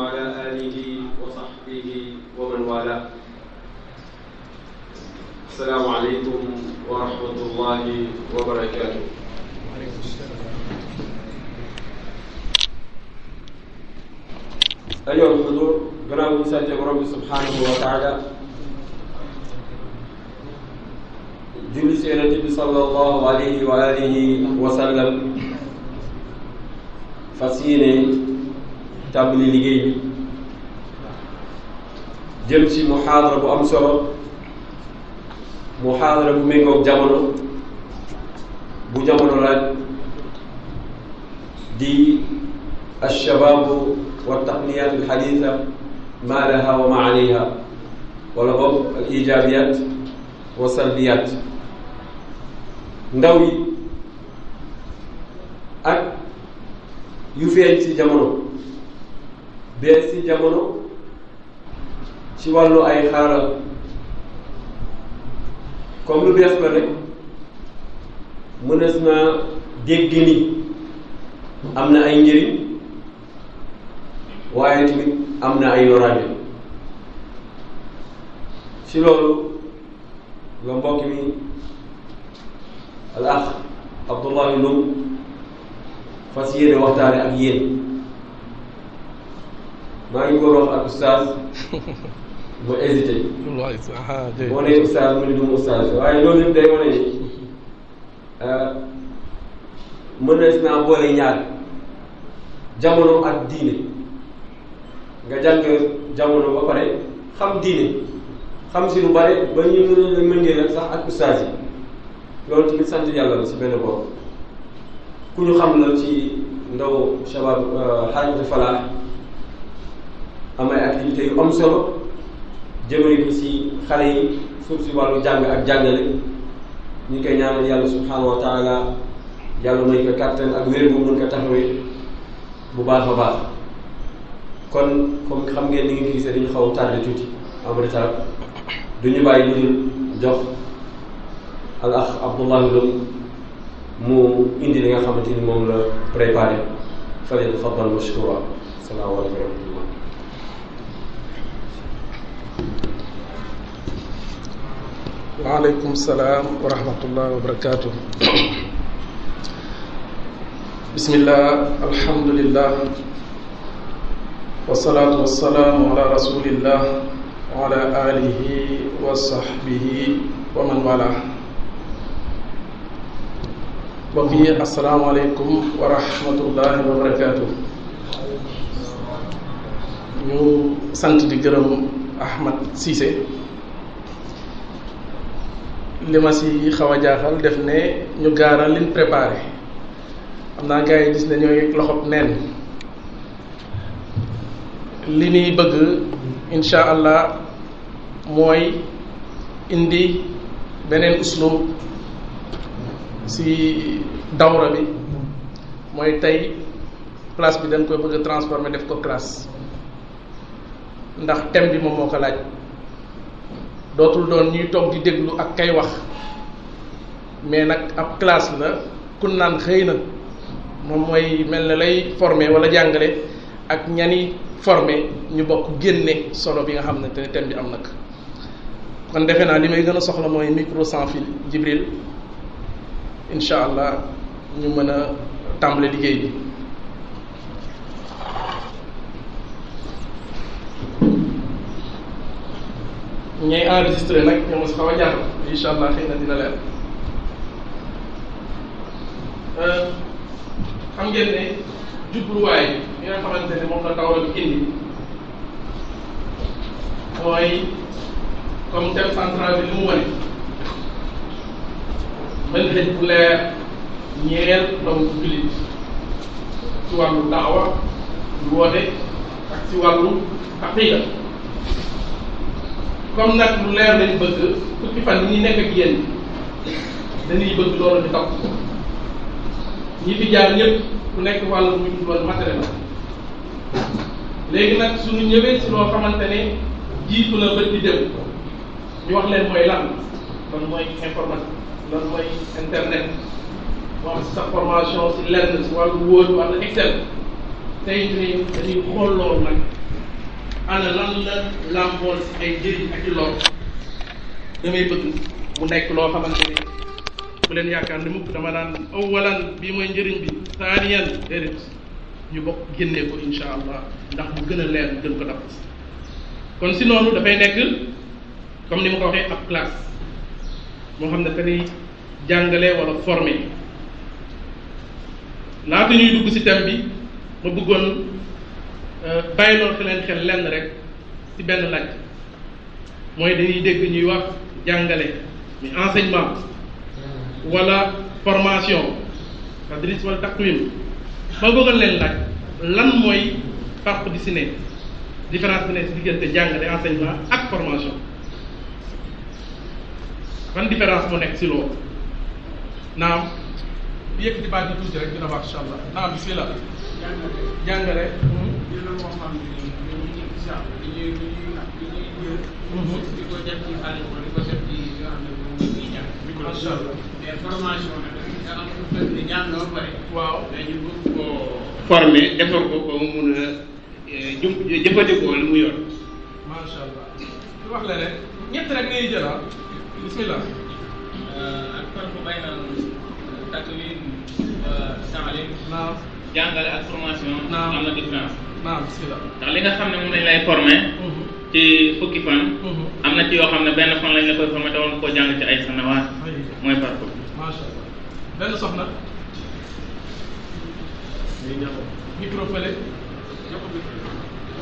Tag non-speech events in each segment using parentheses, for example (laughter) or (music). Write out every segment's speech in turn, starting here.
وعلى آله وصحبه ومن والاه السلام عليكم ورحمة الله وبركاته أيها الحضور gannaaw ñu sante borom bi subhanahu wa taala julli si yonente bi sallallahu alayhi wa alihi wa sallam fas yéene tàmbali liggéey bi jëm ci muhaadara bu am solo bu méngoog jamono bu jamono laaj di alshababu wa taqniyat alxaditha ma laha wa ma alayha wala boog al ijabiyat wa salbiyat ndaw yi ak yu feeñ ci jamono bees ci jamono ci wàllu ay xaaral comme lu bees la rek mënees na dégg am na ay njëriñ waaye tamit am na ay loraange ci loolu nga mbokk mi Abdullahi Loum fas yéene waxtaane ak yéen maa ngi ko wax ak oustaz mu hésité. waay ah jërëjëf moo ne oustaz mu ne du mu oustaz waaye loolu yëpp day wane ni euh, naa boole ñaar jamono ak diine nga jàng jamono ba pare xam diine xam si lu bare ba ñu mën a sax ak oustaz yi loolu tamit si benn bopp ku ñu xam la ci ndaw shabab xarit euh, Fallah. am ay activités yu am solo jëmale ko si xale yi suuf si wàllu jàng ak jàngale ñi koy ñaanal yàlla subhanahu wa taala yàlla may ko kàttan ak wér bu mën ko taxawee bu baax a baax kon comme xam ngeen ni ngi gisee dañu xaw a tardé tuuti en retard duñu bàyyi lu dul jox al ax Abdullah Lom mu indi li nga xamante ni moom la préparé fa leen faddal mashkura salaamaaleykum waaleykum salaam wa rahmatullah wa barakaatu. bismillah alhamdulillah. wasalaatu wasalaamu ala rasulillah wa ala alihi wa sahbihi wa man wala mbokk yi asalaamaaleykum wa rahmatullahi wa barakaatu. ñu sant di gërëm Ahmad Cissé. li ma si xaw a jaaxal def ne ñu gaaral liñ préparé xam naa gars yi gis ne ñooy loxob neen li ñuy bëgg insha allah mooy indi beneen uslub si dawra bi mooy tey place bi dañ koy bëgg transformer def ko classe ndax tem bi moom moo ko laaj dootul doon ñuy toog di déglu ak kay wax mais nag ab classe la kun naan xëy na moom mooy mel na lay formé wala jàngale ak ñani formé ñu bokk génne solo bi nga xam ne thème bi am nag kon defe naa li may gën a soxla mooy micro sans fil Jibril incha allah ñu mën a tàmbale liggéey bi ñay enregistré nag ñoo mos xaw a jaaxal incha na dina leer euh, xam ngeen ne jubluwaay bi nga xamante ne moom la tawra bi indi mooy comme thème central bi li mu wane mën nañ bu leer ñeel doomu jullit ci wàllu daawa lu woote ak comme nag lu leer lañ bëgg fukki fan yi ñuy nekk ak yéen dañuy bëgg loolu di topp ñi fi jaar ñëpp ku nekk wàllu mu ñu doon matériel léegi nag suñu ñëwee si loo xamante ne jiitu na bët di dem ñu wax leen mooy lan lan mooy informatique lan mooy internet moo xam si sa formation si lenn si wàllu wóor wàllu excel tey jii dañuy xool ana lan la làmbool si ay njëriñ ak i damay bëgg mu nekk loo xamante ni bu leen yaakaar ni mukk dama daan awalan bii mooy njëriñ bi saaniyan déedéet ñu bokk génnee ko insha allah ndax mu gën a leer mu gën ko dab kon si noonu dafay nekk comme ni ma ko waxee ab classe moo xam ne dañuy jàngale wala former laata ñuy dugg si thème bi ma bëggoon Euh, bàyyiloo fi xel lenn rek ci benn laaj mooy dañuy dégg ñuy wax jàngale mi enseignement wala formation tadris wala taqwim ma bëggoon leen laaj lan mooy farq bi si ne différence bi ne si diggante jàngale enseignement ak formation ban différence moo nekk si loolu naam yëkkati baat yi tuuti rek dina wax incha allah naam bismillah jàngale jàngale hmm. boo xam ne nii dañuy genre dañuy dañuy ak dañuy jël. di ko def ci xaalis wala di ko def ci li nga xam ne moom la ñuy ñaan. di ko sol mais formation nag dafa am lu mel ni ñaan loo pare. waaw dañu bëgg koo former defar ko ba mu mun a eh, jëm jëfandikoo li mu yor. macha allah li wax la rek ñett rek ngay jël ah bismillah. Eh, ak farko bay naan takk wi. waaw jàngale ak formation. am na différence. ndax li nga xam ne moom lañ lay formé mhm. ci fukki fan mhm. am na ci yoo xam ne benn fan lañ la koy formé te war nga jàng ci ay sa mooy parcours macha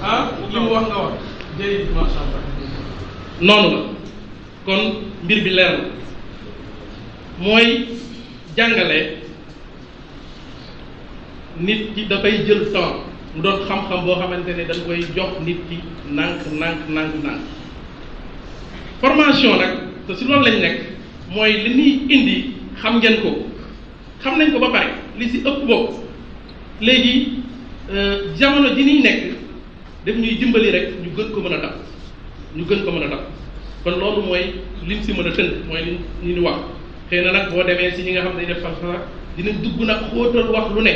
ah, allah noonu la kon mbir bi leer na mooy jàngale nit ki dafay jël temps mu doon xam-xam boo xamante ne dañ koy jox nit ki nànk nànk nànk nànk formation nag te si loolu lañ nekk mooy li ñuy indi xam ngeen ko xam nañ ko ba pare li si ëpp bokk léegi euh, jamono ji niy nekk daf ñuy dimbali rek ñu gën ko mën a dab ñu gën ko mën a dab kon loolu mooy lim si mën a tënk mooy li ñu ñu wax xëy na nag boo demee si ñi nga xam ne dañuy def falsafa dinañ dugg nag xóotal wax lu ne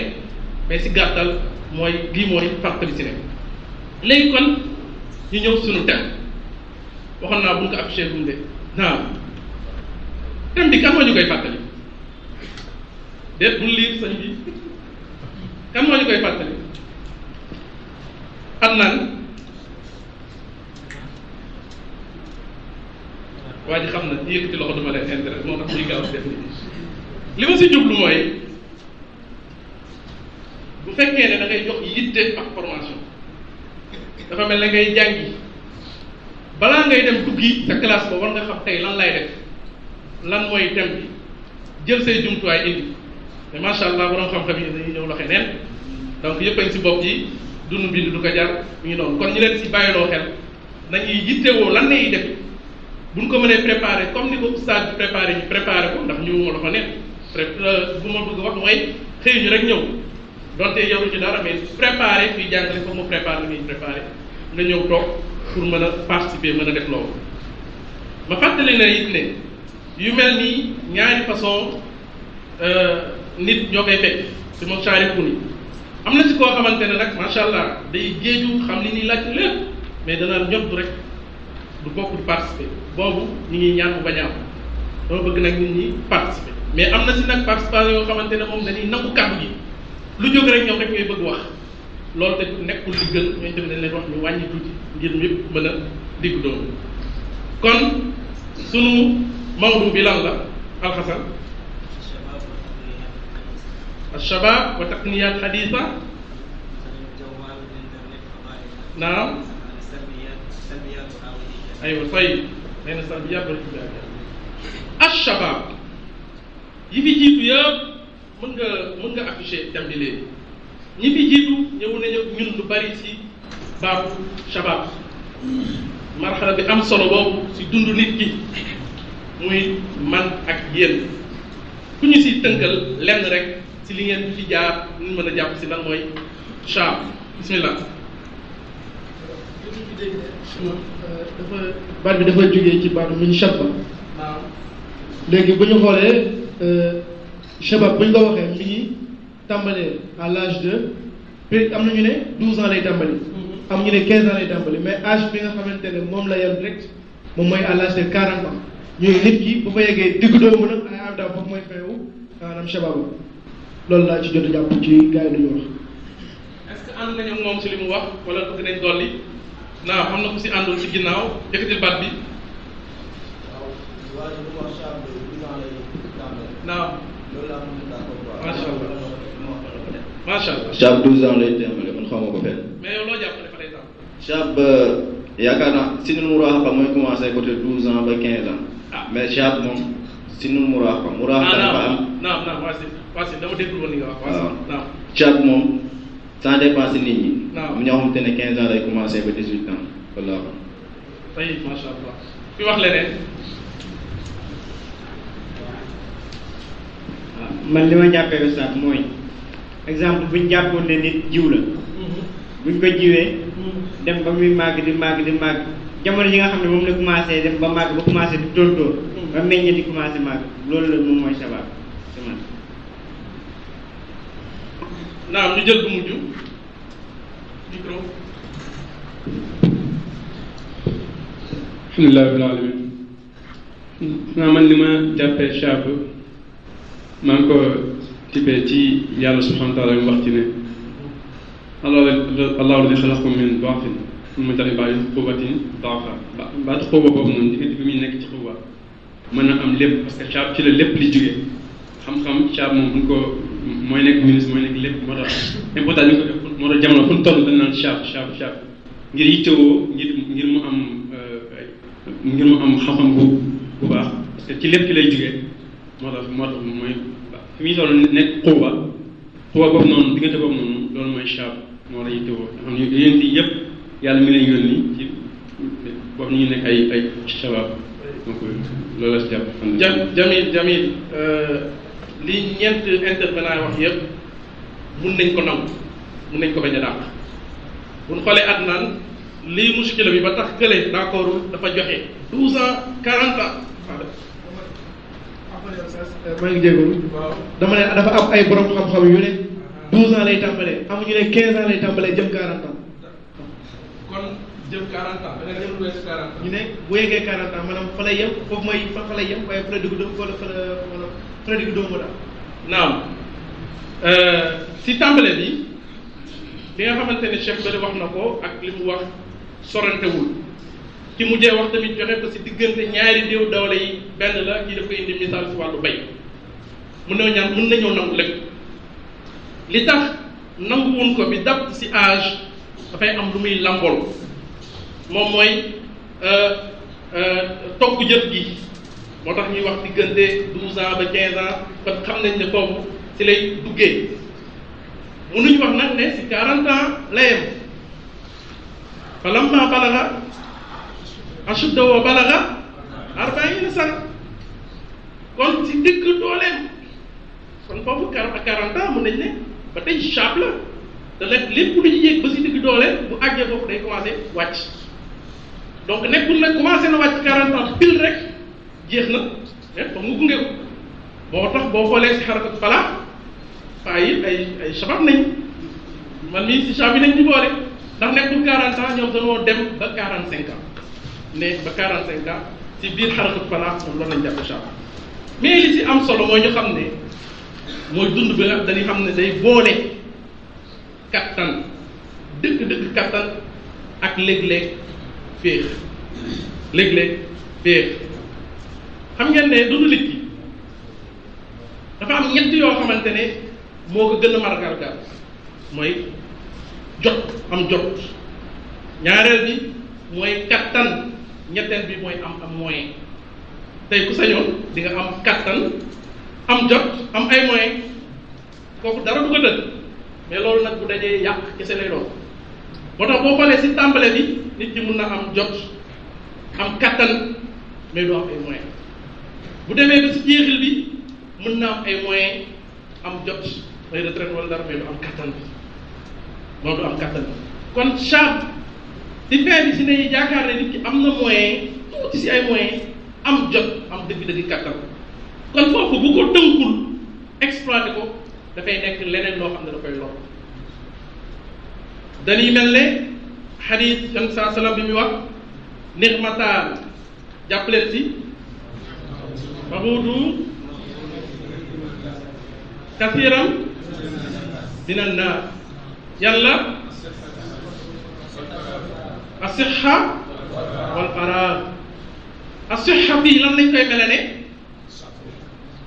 mais si gàttal mooy lii mooy pàcc bi ci nekk léegi kon ñu ñëw suñu thème waxoon naa bu nga ko affiché bu mu de bi kan moo ñu koy fàttali déet bu liir sañ bi kan moo ñu koy fàttali am naan waa ji xam na yëkkati loxo duma leen intérêt moo tax muy gaaw def ni li ma si jublu mooy bu fekkee ne da ngay jox yitte ak formation dafa mel na ngay jàngi balaa ngay dem duggi sa classe ba war nga xam tey lan lay mooy thème bi jumtuwaay indi mais macha xam yi dañuy ñëw loxe neen donc yëpp a si bopp yi dunu bii du ko jar mu ngi noonu kon ñu leen si bàyyiloo xel nañuy yittewoo lan lay def buñ ko mënee préparé comme ni ko oustaz préparé ñu préparé ko ndax ñu loxo neen pré euh, bu ma bëgg wax mooy xëy ñu rek ñëw. donte yow ci dara mais su préparé kuy jàngale foofu mu préparé li nga ñëw toog pour mën a participer mën a def loolu ma fàttali na it ne yu mel nii ñaari façon euh, nit ñoo koy fekk ci moom changé pour am na ci koo xamante ne nag macha allah day géeju xam li nii laaj lépp mais dana ñott rek du bokk du participer boobu ñu ngi ñaan bu bañ a am dama bëgg nag nit ñi participer mais am na ci nag participation xamante ne moom dañuy nangu kàddu gi. lu jóg rek ñoom rek ñooy bëgg wax loolu te nekkul li gën ñooy tamit dañ leen wax ñu wàññi tuuti ngir ñëpp mën a diggu doomu kon sunu mawdu bi lan la alxasan alshabab wa taqniyat xadisa naam aywa say nee na salbiyaat wal ijaabiyaat alshabab yi fi jiitu yëpp mën nga mën nga affiché thème léegi ñi fi jiitu ñëw nañu ñun lu bari ci baabu shabab marxala bi am solo boobu ci dundu nit ki muy man ak yéen ku ñu ci tënkal lenn rek ci li ngeen fi jaar ñu mën a jàpp si lan mooy shab bismillah dafa baat bi dafa jógee ci baatu min shabba léegi bu ñu xoolee euh, shabab bu ñu ko waxee mi ngi tàmbalee à l'âge de peut am na ñu ne douze ans lay tàmbali. Mm-hmm. am ñu ne quinze ans lay tàmbali mais âge bi nga xamante ne moom la yem direct moom mooy à l'âge de quarante ans ñooy nit ki bu fa yeggee diggu doomu nag ay abda foofu mooy feewu loolu laa ci jot a jàpp ci gars yi lu ñu wax. est-ce que ànd moom si li mu wax wala bëgg nañ dolli naa xam na ku si àndul si ginnaaw yëkkati baat bi. waaw waaye li mu wax bi dix macha allah macha allah. Chab 12 ans lay jëmale man xawma ko fenn. mais yow loo jàppale par exemple. Chab euh, yaakaar naa si nu muraahaqa mooy commencé côté 12 ans ah. si nu muraahaqa. muraahaqa ah, dafa am naam naam waa si waa si dama déglu li nga wax. waaw naam Chab moom sans dépense nit ñi. naam ñoo xamante ne 15 man li ma jàppee wesaabu mooy exemple bu jàppoon ne nit jiw la. Mm-hmm. buñ ko jiwee. Mm-hmm. dem ba muy màgg di màgg di màgg jamono yi nga xam ne moom la commencé dem ba màgg ba commencé di tóortóor. Mm-hmm. ba meññ di commencé màgg loolu la moom mooy sabab si man. naam ñu jël bu mujj micro. man li ma jàppee chape. maa ngi ko tibbee ci yàlla subhanahu wa taala mu wax ci ne allahu alladi xalaqakum min daafin summa ja'ala ba'da quwwatin daafan baatu xuuba boobu noonu diggante bi muy nekk ci xuuba mën na am lépp parce que caab ci la lépp li jógee xam-xam caab moom buñ ko mooy nekk ministre mooy nekk lépp moo tax important ñu ko moo tax jamono fu mu toll dañ naan caab caab caab ngir yittewoo ngir ngir mu am euh, ngir mu am xam-xam bu bu baax parce que ci lépp ci lay jógee moo tax moo tax mooy fi muy toll nekk xuuba xuuba boobu noonu diggante boobu noonu loolu mooy shaab moo la yittewoo nga xam ne yéen di yëpp yàlla mi leen yónni ci boobu ñu nekk ay ay shabaab donc loolu la si jàpp jam jamil jamil euh, li ñeent intervenant wax yëpp mun nañ ko nangu mun nañ ko bañ a dàq bu ñu xoolee at naan lii muskila bi ba tax kële d'accord dafa joxe douze ans quarante ans maa ngi dama ne dafa am ay borom xam-xam yu ne douze ans lay tàmbalee amuñu ne quinze ans lay tàmbalee jëm quarante kon jëm quarante ñu ne bu yeggee quarante ans maanaam fa lay yem foofu mooy fa fa lay yem waaye fa la la wala fa euh, si tàmbale bi li nga xamante ne Cheikh Bada wax na ko ak li mu wax sorantewul. ci mujjee wax tamit joxe ko si diggante ñaari déew doole yi benn la kii dafa indi misaal si wàllu bay mun na ñaan mun nañoo nangu lépp li tax woon ko bi dàpp si âge dafay am lu muy lambool moom mooy euh, euh, togg jëf gi moo tax ñuy wax diggante douze ans ba quinze ans ba xam nañ ne foofu si lay duggee munuñ wax nag ne si quarante ans la yem falamma balaga ashudda wa balaga arbaina sana kon ci digg dooleem kon foofu quarante ans mën nañ ne ba tey chab la te nag lépp lu ñu yéeg ba si digg dooleem bu àggee foofu day commencé wàcc donc nekkul nag commencé na wàcc quarante ans pile rek jeex na rek ba mu gunge ko boo tax boo xoolee si xarakat falaa paa yi ay ay shabab nañ man mii si chab yi nañ ñu boole ndax nekkul quarante ans ñoom dañoo dem ba quarante cinq ne ba 45 ci biir xaratu Fana moom loolu lañ jàpp incha allah mais am solo mooy ñu xam ne mooy dund bi nga dañuy xam ne day boole kattan dëgg-dëgg kattan ak léeg-léeg féex léeg-léeg féex xam ngeen ne dundu nit dafa am ñett yoo xamante ne moo ko gën a margargal mooy jot am jot ñaareel bi mooy kattan. ñetteel bi mooy am am moyen tey ku sañoon di nga am kattan am jot am ay moyen foofu dara du ko dëgg mais loolu nag bu dajee yàq kese lay doon moo tax boo xoolee si tàmbale bi nit ñi mun na am jot am kattan mais du am ay moyen bu demee ba si jeexil bi mën na am ay moyen am jot day retraite wala dara mais du am kattan bi loolu du am kattan bi kon chaque li fay bi si ne yaakaar ne nit ki am na moyen tuuti si ay moyen am jot am dëgg-dëgg kàttan kon foofu bu ko tënkul exploité ko dafay nekk leneen loo xam ne dafay lor dañuy mel ne xadiis yan saa salaam bi muy wax nixmataan jàppaleen si waxuutu kasiiram dina naa yàlla asixa wal faraag a fii lan lañ koy melale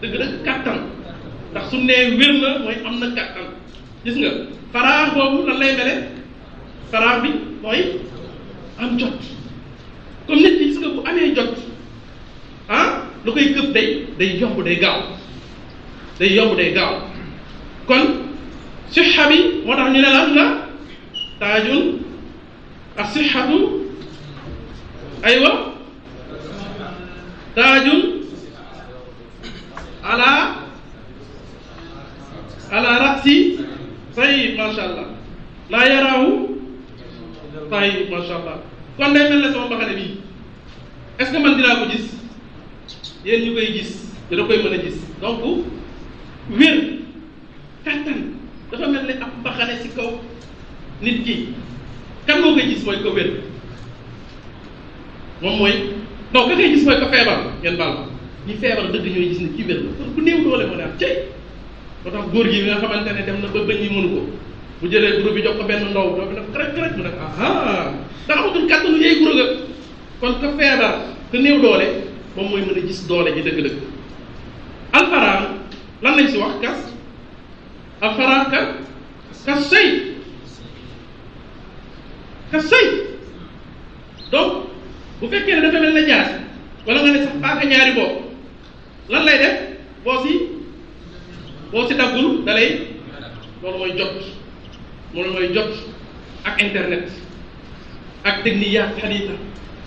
dëgg-dëgg kàttan ndax su nee wér na mooy am na kàttan gis nga faraag boobu lan lay mele faraag bi mooy am jot comme nit ki nga bu amee jot ah lu koy gëb day day yomb day gaaw day yomb day gaaw kon sixa bi moo tax ñu ne lan la taajul asixatu aywa taajun ala ala rasi tayib macha allah laa yaraahu tayib macha allah kon day mel ne sama mbaxane bii est-ce que man dinaa ko gis yéen ñu koy gis dina koy mën a gis donc wér kattan dafa mel ne ab mbaxane ci kaw nit ki kan moo koy gis mooy ko wér moom mooy donc ka koy gis mooy ko feebar ngeen baal ñi feebar dëgg ñooy gis ne ci wér la kon ku néew doole góor gi nga xamante ne dem na ba bëñ yi ko bu jëlee guro bi jox ko benn doo bi nag rek rek mu ne aha moom mooy mën a gis doole ji dëgg-dëgg alfaraan lan lañ si wax kas alfaraan ka kas sey ka sëy donc bu fekkee ne dafa mel ne jaas wala nga ne sax paaka ñaari bopp lan lay de boo si boo si daggul da loolu mooy jot loolu mooy jot ak internet ak technique xadita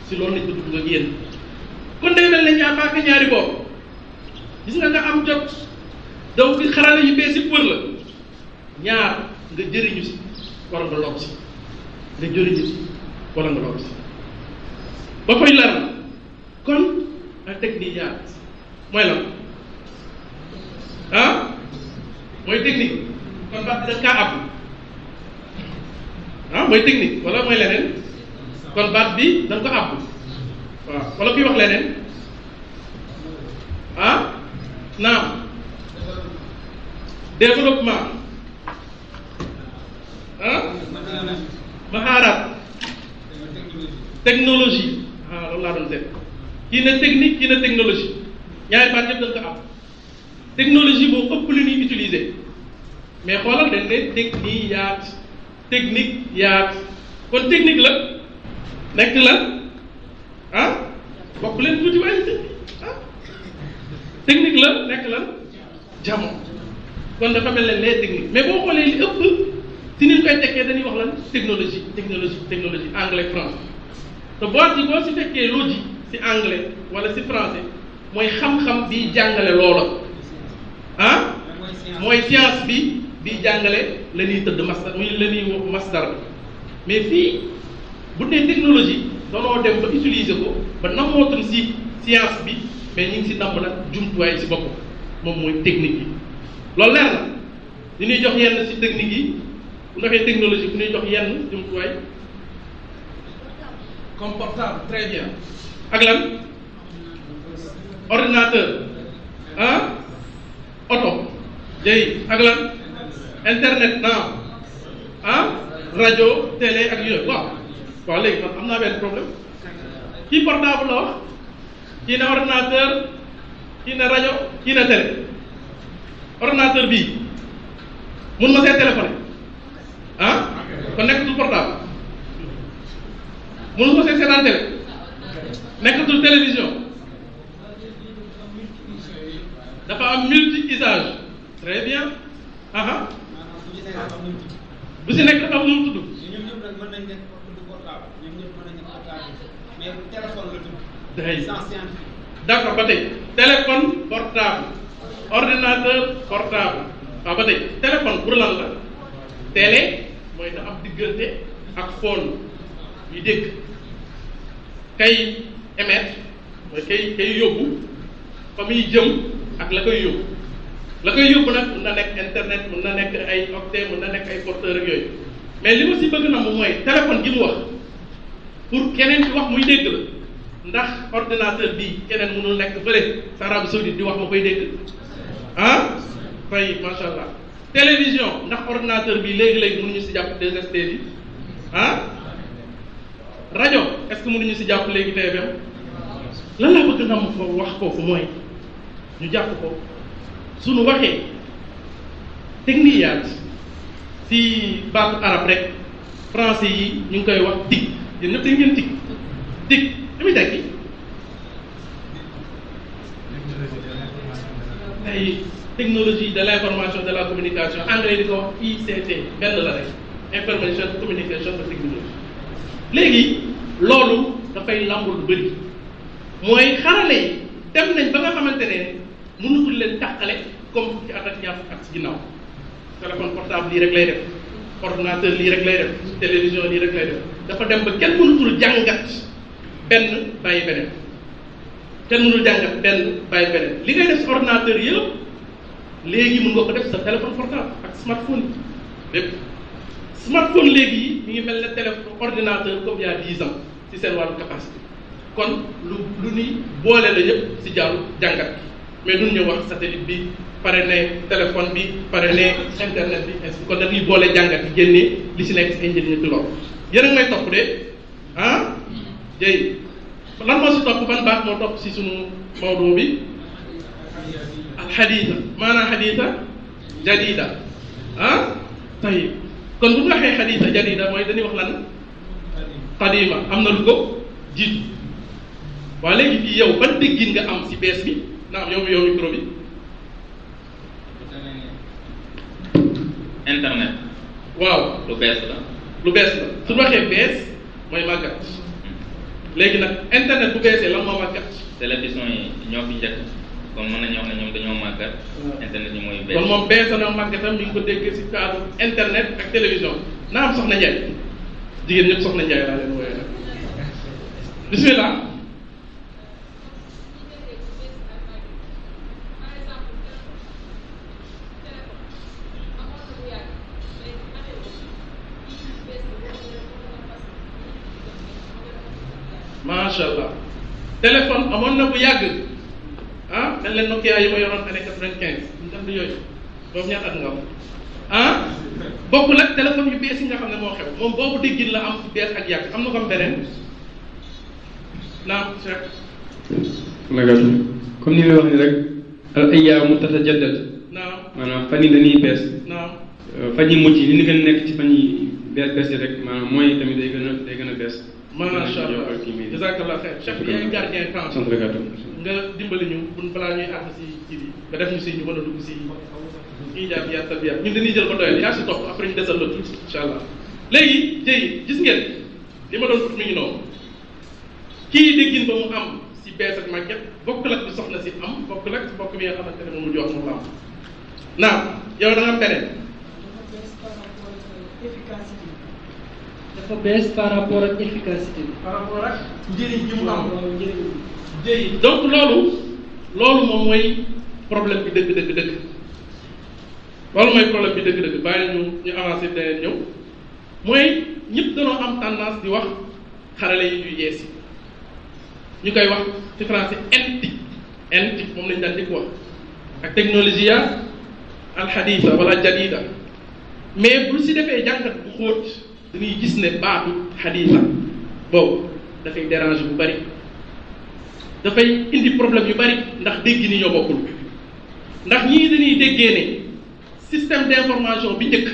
si loolu lañ ko dugg ak kon day mel ne ñaar paaka ñaari bopp gis nga nga am jot donc xarala yu bees yi pour la ñaar nga jëriñu si war nga log si nga jëli gis wala nga ba fay leer kon ak technique mooy lan ah mooy technique kon baax dina kaa ab ah mooy technique wala mooy leneen kon baat bi da nga ko àbb wala kuy wax leneen ah naam développement ah mahaaraat technologie ah loolu laa doon seet kii na technique kii na technologie ñaari baat yëpp dañ ko am technologie ëpp lu ñuy utiliser mais xoolal dañ ne technique yaat technique yaat kon technique la nekk la ah, ah la nekk la jamono kon dafa mel ne les mais boo xoolee li ëpp ci ni koy tekkee dañuy wax lan technologie technologie technologie anglais français te boo ci boo si tekkee logique si anglais wala si français mooy xam-xam bi jàngale loola ah mooy science bi bi jàngale la ñuy tëdd masdar muy la ñuy wax masdar bi mais fii bu dee technologie danoo dem ba utiliser ko ba namootum si science bi mais ñu ngi si namm nag jumtuwaay si bopp moom mooy technique yi loolu leer na li ñuy jox yenn si technique yi bu ñu waxee bu ñuy jox yenn jumtuwaay comme portable très bien ak lan ordinateur ah oto jëy ak lan internet naa ah rajo télé ak yooyu waaw waaw léegi man am naa benn problème kii portable wax kii na ordinateur kii na rajo kii na télé ordinateur bii mun ma see téléphoné ah kon portable mënu ko seen seetaan télé nekkatul télévision dafa am multi usage aha bu si dafa am nu mu tudd d'accord ba tey portable ordinateur portable waaw ba tey téléphone pour lan mooy na am diggante ak phone yi dégg kay émettre mooy kay kay yóbbu fa jëm ak la koy yóbbu la koy yóbbu nag mun na nekk internet mun na nekk ay octet mun na nekk ay porteur ak yooyu mais li ma si bëgg na mu mooy téléphone gi mu wax pour keneen di wax muy dégg la ndax ordinateur bi keneen mënul nekk fële sa Arabie Saoudite di wax ma koy dégg ah tey macha allah télévision ndax ordinateur bi léegi-léegi mënuñu si jàpp 2STV bi ah? rajo est-ce que mënuñu si jàpp léegi TFM lan la bëgg nga am foofu wax kooku mooy ñu jàpp ko suñu waxee technique si baatu arab rek français yi ñu ngi koy wax tig yéen ñëpp dañu ngeen tig tig li muy tekki technologie de la information de la communication anglais di ko wax information communication de technologie léegi loolu dafay lambul bëri mooy xarale yi dem nañ ba nga xamante ne mënutul leen tàqale comme ci at ak ñaar at si ginnaaw téléphone portable lii rek lay def ordinateur lii rek lay def télévision lii rek lay def dafa dem ba kenn mënutul jàngat benn bàyyi beneen kenn mënul jàngat benn bàyyi beneen li ngay def ordinateur yëpp léegi mën nga ko def sa téléphone portable ak smartphone yi lépp smartphone léegi yi mi ngi mel ni téléphone ordinateur comme il y ci seen capacité kon lu lu ñuy boole la yëpp ci jaaru jàngat bi mais nun ñu wax satellite bi pare ne téléphone bi pare ne internet bi est-ce que kon boole jàngat bi génnee li ci nekk ci ay njëriñ ci loolu yéen may topp de ah jëy lan moo si topp ban baax moo topp si sunu Maodo bi xadiisa maanaam xadiisa jadida ah tayib kon bu ñu waxee xadiisa jadida mooy dañuy wax lan qadima am na lu ko jiitu waaye léegi fii yow ban déggin nga am si bees bi na am yow mi yow micro bi internet waaw lu bees la lu bees la su ñu waxee bees mooy màggat hmm. léegi nag internet bu beesee lan moo màggat télévision yi ñoo fi njëkk kon mën nañu wax ne ñoom dañoo màggat. internet ñu mooy. kon moom benn sonore màggatam ñu ko déggee si cadre internet ak télévision naam soxna Ndiaye jigéen ñëpp soxna Ndiaye laa leen wooyee nag bismillah. amoon na bu yàgg. ah xel leen Nokia yi ma yoroon année quatre-vingt-quinze ñu dem du yooyu boobu ñaata nga am ah bokkul ak téléphone yu bees yi nga xam ne moo xew moom boobu déggin la am si ak yàgg am na ko am beneen naam Cheikh. nagatu comme ni fan yi dañuy bees. Euh, fan yi mujj li ni gën a nekk ci fan yi bees bees yi rek maanaam mooy tamit day gën a day gën a bees. maanaam allah jazakallah xeer chef yaay gardien temps. nga dimbali ñu buñ balaa ñuy àgg si kii bi nga def ñu si ñu mën a dugg bi ijaab yaat tabiyaat ñun dañuy jël ba doyal yaa si topp après ñu desal la tuuti incha allah léegi jëy gis ngeen li ma doon ut mi ngi noonu kii déggin ba mu am si bees ak màgget bokkul ak bi si am bokkul bokk bi nga xamante ne moom mu am naam yow da nga am donc loolu loolu moom mooy problème bi dëgg dëgg dëgg loolu mooy problème bi dëgg dëgg bàyyi ñu ñu avancé daneen ñëw mooy ñëpp danoo am tendance di wax xarale yi yu yees yi ñu koy wax ci français NTIC NTIC moom lañu daan di ko wax ak technologie ya alxadisa wala jadida mais bu si defee jàngat bu xóot dañuy gis ne baatu xadisa boobu dafay déranger bu bari dafay indi problème yu bari ndax dégg ni ñoo bokkul ndax ñii dañuy déggéene ne système d'information bi njëkk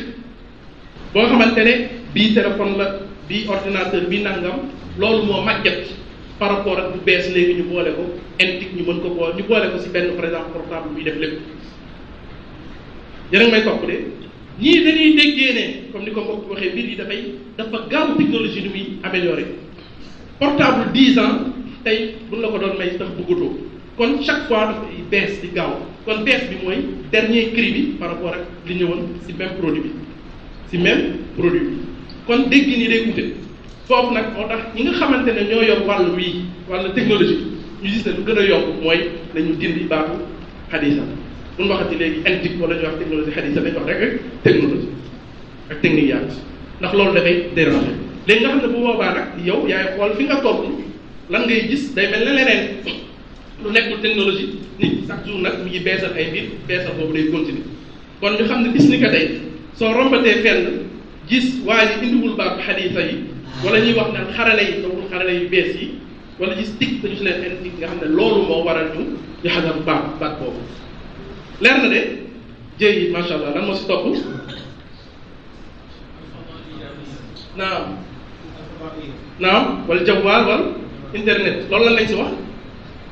boo xamante ne bii téléphone la bii ordinateur bi nangam loolu moo màgget par rapport ak bu bees léegi ñu boole ko intique ñu mën ko boole ñu boole ko ci benn par exemple portable buy def lépp yéen may topp de ñii dañuy déggee comme ni ko mbokk waxee mbir yi dafay dafa gaaw technologie ni muy amélioré portable 10 tey buñ la ko doon may sax bëggatoo kon chaque fois dafay bees di gaaw kon bees bi mooy dernier cri bi par rapport ak li ñëwoon ci même produit bi ci même produit bi kon dégg ni day wute foofu nag moo tax ñi nga xamante ne ñoo yor wàll wii wàll technologie ñu gis ne lu gën a yokk mooy dañu dindi baatu xadisa buñ waxati léegi antique wala ñuy wax technologie xadisa dañu wax rek rek ak technique ndax loolu dafay déranger léegi nga xam ne bu boobaa nag yow yaay xool fi nga toog lan ngay gis day mel ne leneen lu nekkul technologie nit chaque jour nag mu ngi beesal ay mbir beesal boobu day continuer kon ñu xam ne gis ni ko tey soo rombatee fenn gis waa ji indiwul baab xadiisa yi wala ñuy wax naan xarale yi dawul xarale yu bees yi wala gis tig dañu si leen en tig nga xam ne loolu moo waral ñu ñu xagar baab baat boobu leer na de jëy yi macha allah lan moo si topp naam naam wala jawaal wala internet loolu lan lañ si wax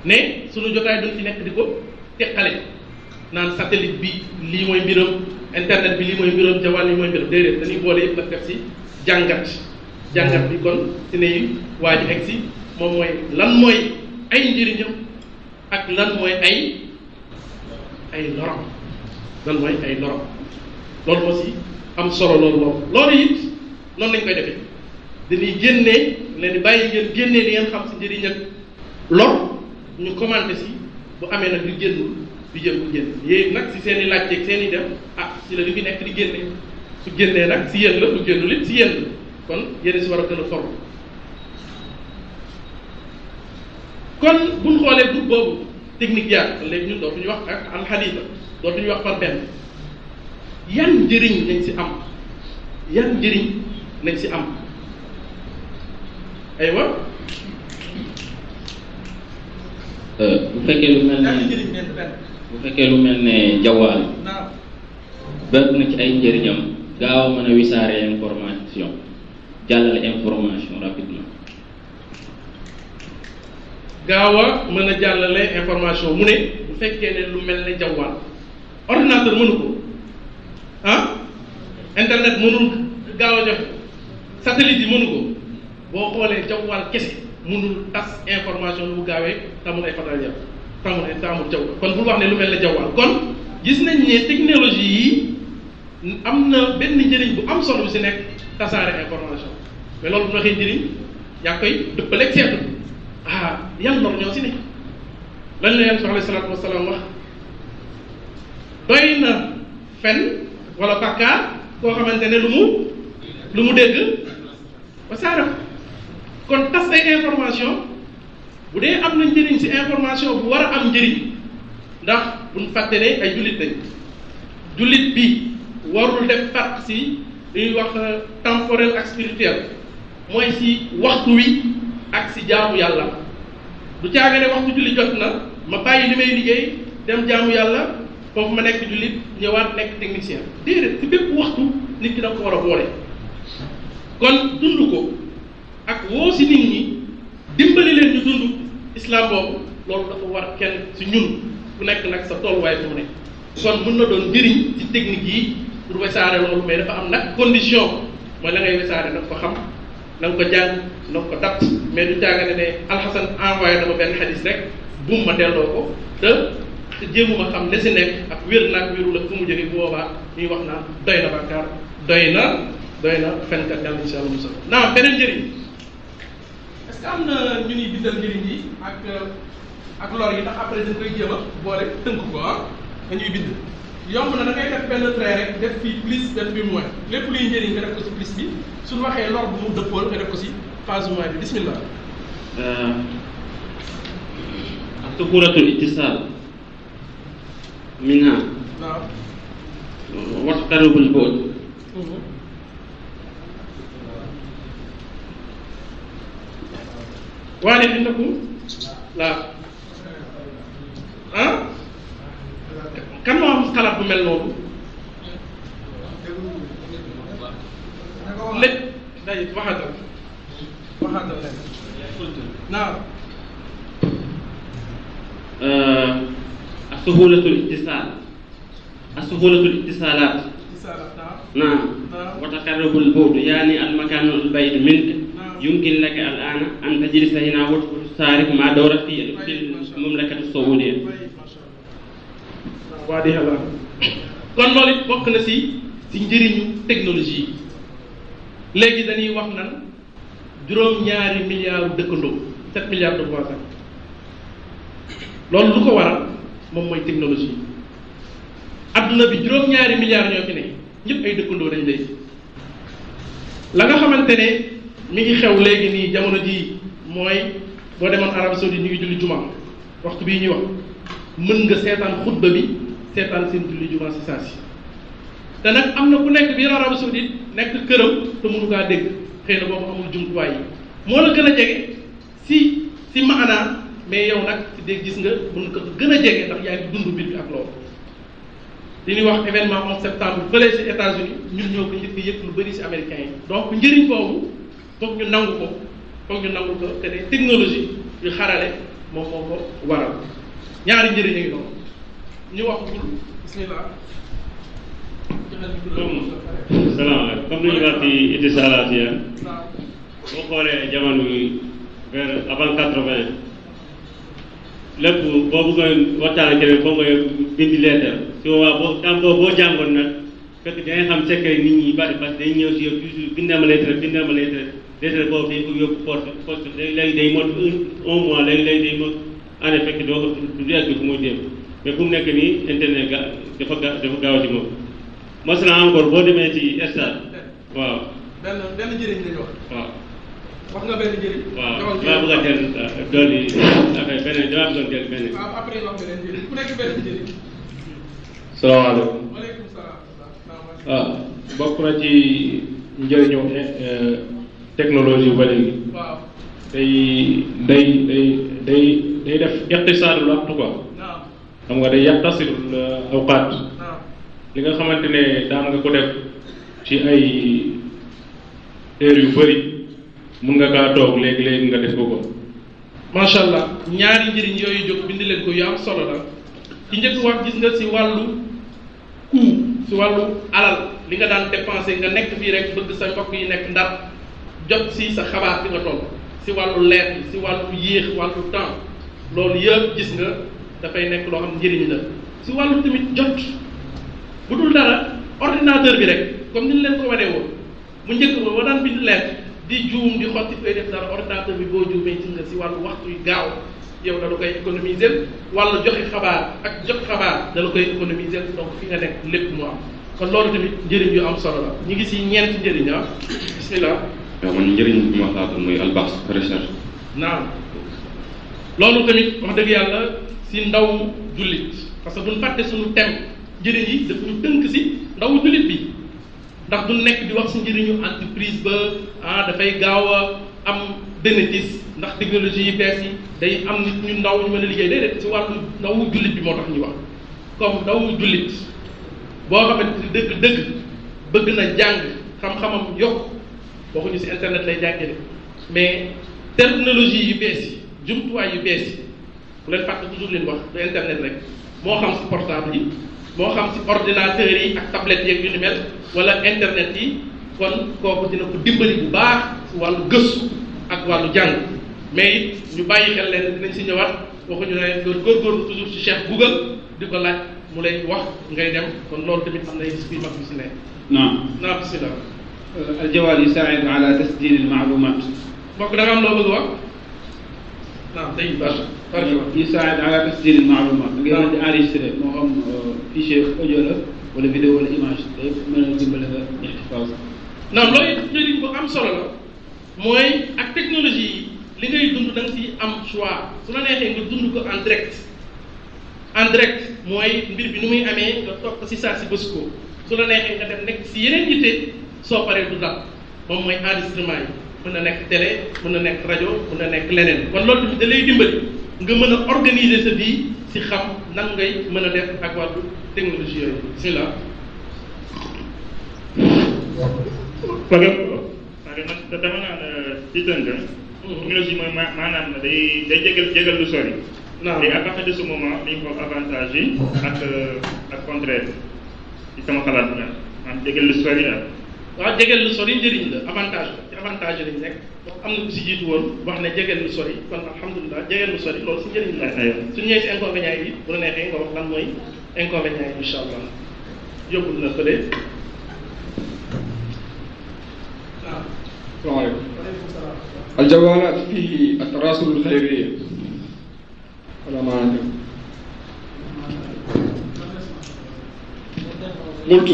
ne suñu jotaay duñ ci nekk di ko teqale naan satellite bi lii mooy mbiram internet bi lii mooy mbiram jawaan yi mooy mbiram déedéet dañuy boole yëpp nag def si jàngat jàngat bi kon si ne yi waa si moom mooy lan mooy ay njëriñam ak lan mooy ay ay lorom lan mooy ay lorom loolu moo si am solo loolu loolu loolu it noonu lañ koy defee dañuy génnee leen di bàyyi ngeen génnee li ngeen xam si njëriñ ak lor ñu commenté si bu amee nag li génnul di jël bu génn yéen nag si seen i laajte ak seen dem ah si la li fi nekk di génnee su génnee nag si yéen la bu génnul it si yéen kon yéen si war a gën a form kon buñ xoolee groupe boobu technique jaar léegi ñun wax ak alxadiisa dootuñu wax par benn yan njëriñ nañ si am yan njëriñ nañ si am Eh, aywa. Euh, bu fekkee lu mel ni bu fekkee lu mel ne jawaal bokk na ci ay njëriñam gaaw a mën a wisaare information jàllale information rapidement. gaaw mën a jàllale information mu ne bu fekkee ne lu mel ne jawaal ordinateur mënu ko ah internet mënul gaaw a joxe yi mënu ko. boo xoolee jawwal kese mënul tas information lu mu gaawee tamul ay fanaan yàpp tamul ay tamul jaww kon bul wax ne lu mel ne jawwal kon gis nañ ne technologie yi am na benn njëriñ bu am solo bu si nekk tasaare information mais loolu bu waxee njëriñ yaa koy dëppaleeg seetlu ah yan lor ñoo si nekk lan la yan soxla salaatu wasalaam wax doy fen wala bàkkaar koo xamante ne lu mu lu mu dégg ba saara kon tas ay information bu dee am na njëriñ ci information bu war a am njëriñ ndax buñ fàtte ne ay jullit lañ jullit bi warul def fàq ci luy wax euh, temporel ak spirituel mooy si waxtu wi ak ci jaamu yàlla du caaga ne waxtu julli jot na ma bàyyi li may liggéey dem jaamu yàlla foofu ma nekk jullit ñëwaat nekk technicien déedéet ci bépp waxtu nit ki da ko war a boole kon dund ko ak woo si nit ñi dimbali leen ñu dund islam boobu loolu dafa war kenn si ñun ku nekk nag sa tolluwaay fu mu ne kon mën na doon njëriñ ci technique yi pour wesaare loolu mais dafa am nag condition mooy la ngay wesaare na ko xam na ko jàng na ko dat mais du jàngale ne alxasan envoyé dama benn xadis rek buum ma delloo ko te jéemuma xam ne si nekk ak wér naag wéru mu jëri bu boobaa ñuy wax naan doy na bàkkaar doy na doy na fenkat yàlla insha que am na ñu ñuy bindal njëriñ yi ak ak lor ndax après dañ koy jéem a boole tënk ko ah dañuy bind yomb na da ngay def benn trait rek def fii plus def fii moins lépp luy njëriñ nga def ko ci plus bi suñ waxee lor bu mu dëppool nga def ko ci phase moins bi bismillah euh, ak tukuraatul ittisaal minha waaw wax qaribul boot waaye innakum laa ah kan moo am xalaat bu mel noonu lépp day waxatal waxatal naam السهولة الاتصال السهولة الاتصالات نعم وتقرب البعد يعني المكان البعيد منك يمكن لك الآن أن a هنا وتشارك مع دورة في المملكة السعودية kon loolu it bokk na si si njëriñu technologie yi léegi dañuy wax na juróom-ñaari milliards dëkkandoo sept milliards de voisins loolu lu ko waral moom mooy technologie adduna bi juróom-ñaari milliards ñoo fi ne ñëpp ay dëkkandoo dañ lay la nga xamante ne mi ngi xew léegi nii jamono ji mooy boo demoon Arabie Saoudite ñu ngi julli juma waxtu bii ñuy wax mën nga seetaan xutba bi seetaan seen julli juma si saa si te nag am na ku nekk biir Arabie Saoudite nekk këram te mënu kaa dégg xëy na boobu amul jumtuwaay yi moo la gën a jege si si maanaa mais yow nag si dégg gis nga mën ko gën a jege ndax yaa ngi dund bi ak loolu li ñuy wax événement 11 septembre fële si États-Unis ñun ñoo ko yëpp lu bëri si américains yi donc njëriñ boobu foog ñu nangu ko foog ñu nangu ko te ne technologie yu xarale moom moo ko waral ñaari njëriñ ngi noonu ñu wax bismillah comme comme ni ñu wax ci itisaalaat yi boo xoolee jamono yi vers avant quatre-vingt lépp boo bëggoon waxtaan ak keneen boo koy bindi leetar su boobaa boo tam boo boo jàngoon nag fekk dangay xam secret nit ñi bari parce que ñëw si yow toujours bindama leetar dèjà boobu dañ ko yóbbu force force léegi day mot un mois léegi léegi day mot année fekk doo ko du yàgg fu muy dem mais fu mu nekk nii internet ga dafa ga dafa gaaw ci moom mos na encore boo demee ci stade waaw. benn benn njëriñ la ñu wax. waaw. wax nga benn njëriñ. waaw damaa bëgg a jël euh, dool yi affaire beneen damaa bëggoon jël beneen. waaw ah, après nga wax beneen njëriñ ku nekk benn njëriñ. salaamaaleykum. waaleykum salaam. waaw ah, bokk na ci njëriñu ne. Eh, euh, technologie yu bari yi day day day day day def iqtisaadul waqtu quoi xam nga day yaqtasidul awqaat li nga xamante ne daan nga ko def ci ay heures yu bari mun nga kaa toog léegi-léegi nga def ko ko macha allah ñaari njëriñ yooyu jóg bind leen ko yu am solo la ci njëkk wax gis nga si wàllu coût si wàllu alal li nga daan dépensé nga nekk bii rek bëgg sa mbokk yi nekk ndar jot si sa xabaar bi nga toll si wàllu lettre si wàllu yéex wàllu temps loolu yëpp gis nga dafay nekk loo xam njëriñ la si wàllu tamit jot bu dul dara ordinateur bi rek comme ni ñu leen ko waree woon mu njëkk ba ba daan bind di juum bi boo juumee si wàllu waxtu yu gaaw yow da la koy économiser wala joxe xabaar ak jot xabaar da koy économiser donc fi nga nekk lépp mu kon loolu tamit njëriñ yu am solo la ñu ngi si ñeent njëriñ ah mais man njëriñ bi ma xalaatoon mooy albaax recherche. naam loolu tamit wax dëgg yàlla si ndaw jullit parce que buñ fàtte suñu thème njëriñ yi tënk si ndaw jullit bi ndax du nekk di wax si njëriñu entreprise ba ah dafay gaaw a am bénéfice ndax technologie yi bees yi day am nit ñu ndaw ñu mën a liggéey déedéet si wàllu ndawu jullit bi moo tax ñuy wax comme ndawu jullit boo xamante dëgg-dëgg bëgg na jàng xam-xamam yokk waxuñu si internet lay jàngee de mais technologie yu bees yi jumtuwaay yu bees yi bu leen fàtte toujours leen wax du internet rek moo xam si portable yi moo xam si ordinateur yi ak tablette yeeg yu ni mel wala internet yi kon kooku dina ko dimbali bu baax si wàllu gëstu ak wàllu jàng mais it ñu bàyyi xel leen dinañ si ñëwaat waxuñu ne góor góorgóorlu toujours si Cheikh Google di ko laaj mu lay wax ngay dem kon loolu tamit am na esprit mag bi si nekk. naam naam bisimilah. aljawaal yusaaidu ala tasdiil almaalumaat mbokk da nga am loo bëgg wax waaw sëñ Ba yusaaidu ala tasdiil almaalumaat da ngay di enregistré moo xam euh, fichier audio la wala vidéo wala image day mën a dimbale nga ñetti faw non loolu njëriñ bu am solo la mooy ak technologie yi li ngay dund am choix su la neexee nga dund ko en direct en direct mooy mbir bi nu amee nga topp si saa si bës ko su la neexee nga dem nekk si yeneen soo paree du dàq moom mooy enregistrement yi mën na nekk télé mën na nekk rajo mën na nekk leneen kon loolu tamit da lay dimbali nga mën a organiser sa vie si xam nan ngay mën a def ak wàllu technologie yooyu bismillah kon waaye man dama naan ci euh, tënk technologie day day jégal jégal lu sori waaw à partir de ce moment dañu xool avantage yi euh, ak contraire ci sama xalaat bi nag maanaam jégal lu sori daal waaw jegeel lu sori njëriñ la avantage la ci avantage lañ nekk donc am na lu si jiitu woon wax ne jegeel lu sori kon alhamdulilah jegeel lu sori loolu si njëriñ la ay suñu ñëwee si inconvénients yi bu la neexee nga wax lan mooy inconvénients yi incha allah yóbbul na fële waaw salaamaaleykum aljawaaraat fii atrasul xayriya alamaanaam قلت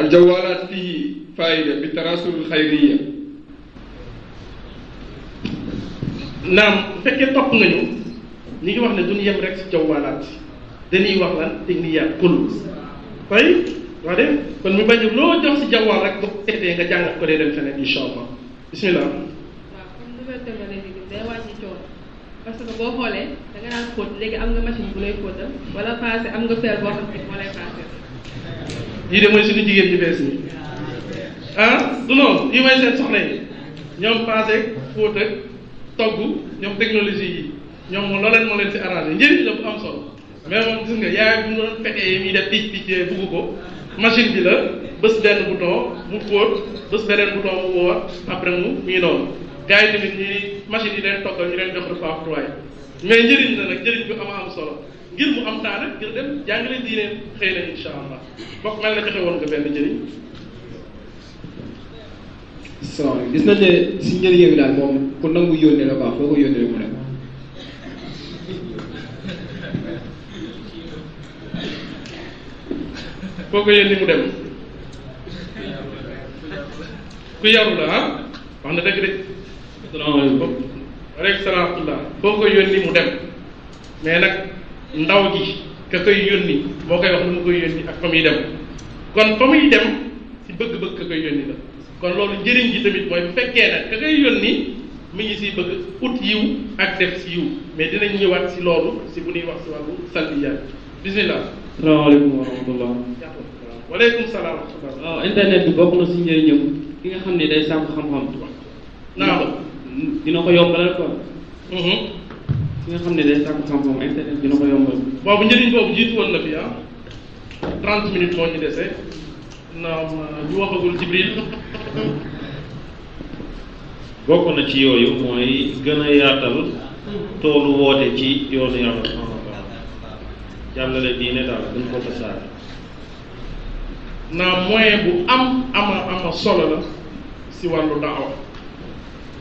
الجوالات فيه fayida bi tarasul xayriya naam bu fekkee topp nañu ñu ngi wax ne duñu yem rek si jawwalaat dañuy wax lan technique kul fay wax de kon mu bañ loo jox si jawwal rek bu seetee nga jàng ko dee dem feneen incha allah bismillah waaw comme nouvelle technologie que boo xoolee da nga fóot léegi am nga machine bu lay fóotal wala paase am nga fer boo xam ne moo lay paase lii de mooy suñu jigéen ñi bees ah du noonu yi may seet soxna yi ñoom passé fóot ak togg ñoom technologie yi ñoom moom looleen moo leen si arrangé njëriñ la bu am solo mais bu mu doon bi la bés benn bouton mu njëriñ la nag njëriñ bi ama am solo ngir mu am temps nag ngir dem jàngale diine xëy na incha allah mbokk mel na joxe nga benn njëriñ so gis nañ ne si njëriñam bi daal moom ku nangu yónnee la quoi foo ko yónnee mu dem. foo ko yónnee mu dem ku yaru la ah wax na dëgg de asalaamaaleykum aleykum salaam rahmatullah foo ko yónnee mu dem mais nag ndaw gi ka koy yónni moo koy wax lu mu koy yónni ak fa muy dem kon fa muy dem si bëgg-bëgg ka koy yónni la. kon loolu njëriñ ji tamit mooy bu fekkee nag ka ngay yónni mi ngi si bëgg ut yiw ak def si yiw mais dinañ ñëwaat si loolu si bu ñuy wax si wàllu salbiyaat bisimilah. salaamaaleykum wa rahmatullah. waaleykum salaam. waaw internet bi bokk na si njëriñam ki nga xam ne day sàmm xam-xam. naa ko dina ko yombalal quoi. Mhm. ki nga xam ne day sàmm xam-xam internet dina ko yombal. waaw bu njëriñ boobu jiitu woon na fi ah 30 minutes moo ñu dese. naam ñu euh, waxagul jibril bokk na ci yooyu mooy gën a yaatal toolu woote ci yoonu yàlla subhanahu wa taala jàllale diine daal gën ko tasaare naam moyen bu am ama ama solo la si wàllu daawa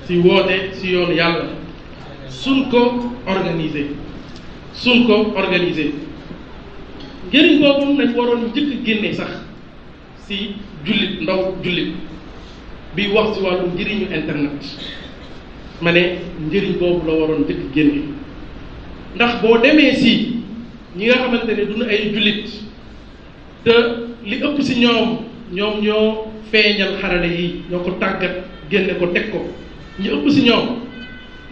si woote si yoonu yàlla suñ ko organiser suñ ko organiser njëriñ boobu nag waroon njëkk génne sax si jullit ndaw jullit bi wax si wàllu njëriñu internet ma ne njëriñ boobu la waroon njëkk génne ndax boo demee si ñi nga xamante ne duñu ay jullit te li ëpp si ñoom ñoom ñoo feeñal xarale yi ñoo ko tàggat génne ko teg ko ñu ëpp si ñoom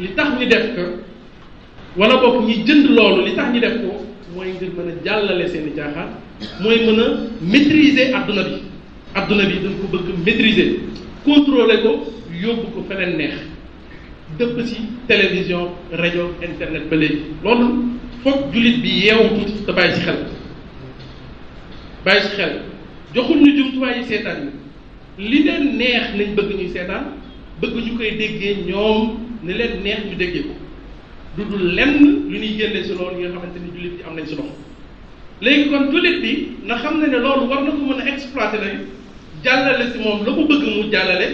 li tax ñu def ko wala boog ñi jënd loolu li tax ñu def ko mooy ngir mën a jàllale seeni caaxaan mooy mën a maîtriser àdduna bi adduna bi dañ ko bëgg maîtriser contrôler ko yóbbu ko feneen neex dëpp ci télévision rajo internet ba léegi loolu foog jullit bi yeewu tuuti te bàyyi ci xel bàyyi ci xel joxul ñu jumtuwaay yi seetaan yi li leen neex lañ bëgg ñuy seetaan bëgg ñu koy déggee ñoom ne leen neex ñu déggee ko du dul lenn lu ñuy génne si loolu nga xamante ni jullit bi am nañ si loxo léegi kon jullit bi na xam ne ne loolu war na ko mën a exploiter nag jàllale si moom la ko bëgg mu jàllale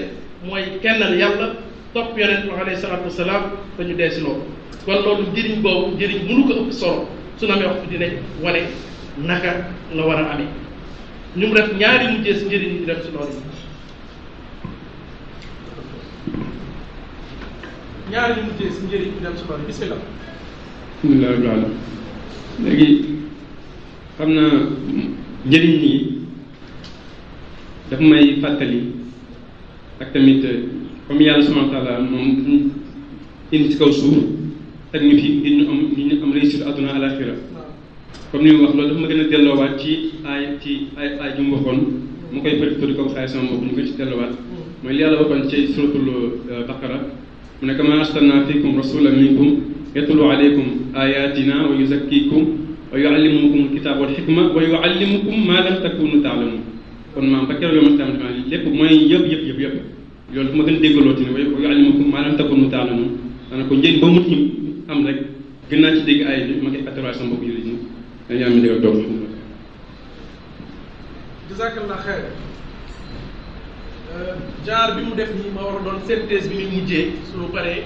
mooy kennal yàlla topp yonent bi alayhi salaatu wasalaam te ñu dee si loolu kon loolu njëriñ boobu njëriñ mënu ko ëpp solo su na amee wax dina wane naka la war a amee ñu mu def ñaari mujjee si njëriñ yi ñu def si loolu ñaari mujjee si njëriñ ñu def léegi xam na njëriñ yi daf may fàttali ak tamit comme yàlla subhanahu wa moom dañu indi ci kaw suuf teg fi ngir ñu am ngir ñu am réussite àdduna àlaxira wax loolu dafa ma gën a delloowaat ci aay ci aay aay mm. mu koy përëb përëb comme xaay sama bopp ci delloowaat mm. mooy li yàlla waxoon ci suratul euh, baqara mu ne kama arsalna fiikum rasulan minkum yatlu alaykum ayatina wa yuzakkikum wa yuallimukum alkitaaba wal xikma wa yuallimukum maa bi jaar bi mu def nii ma war doon synthèse bi muy mujjee su paree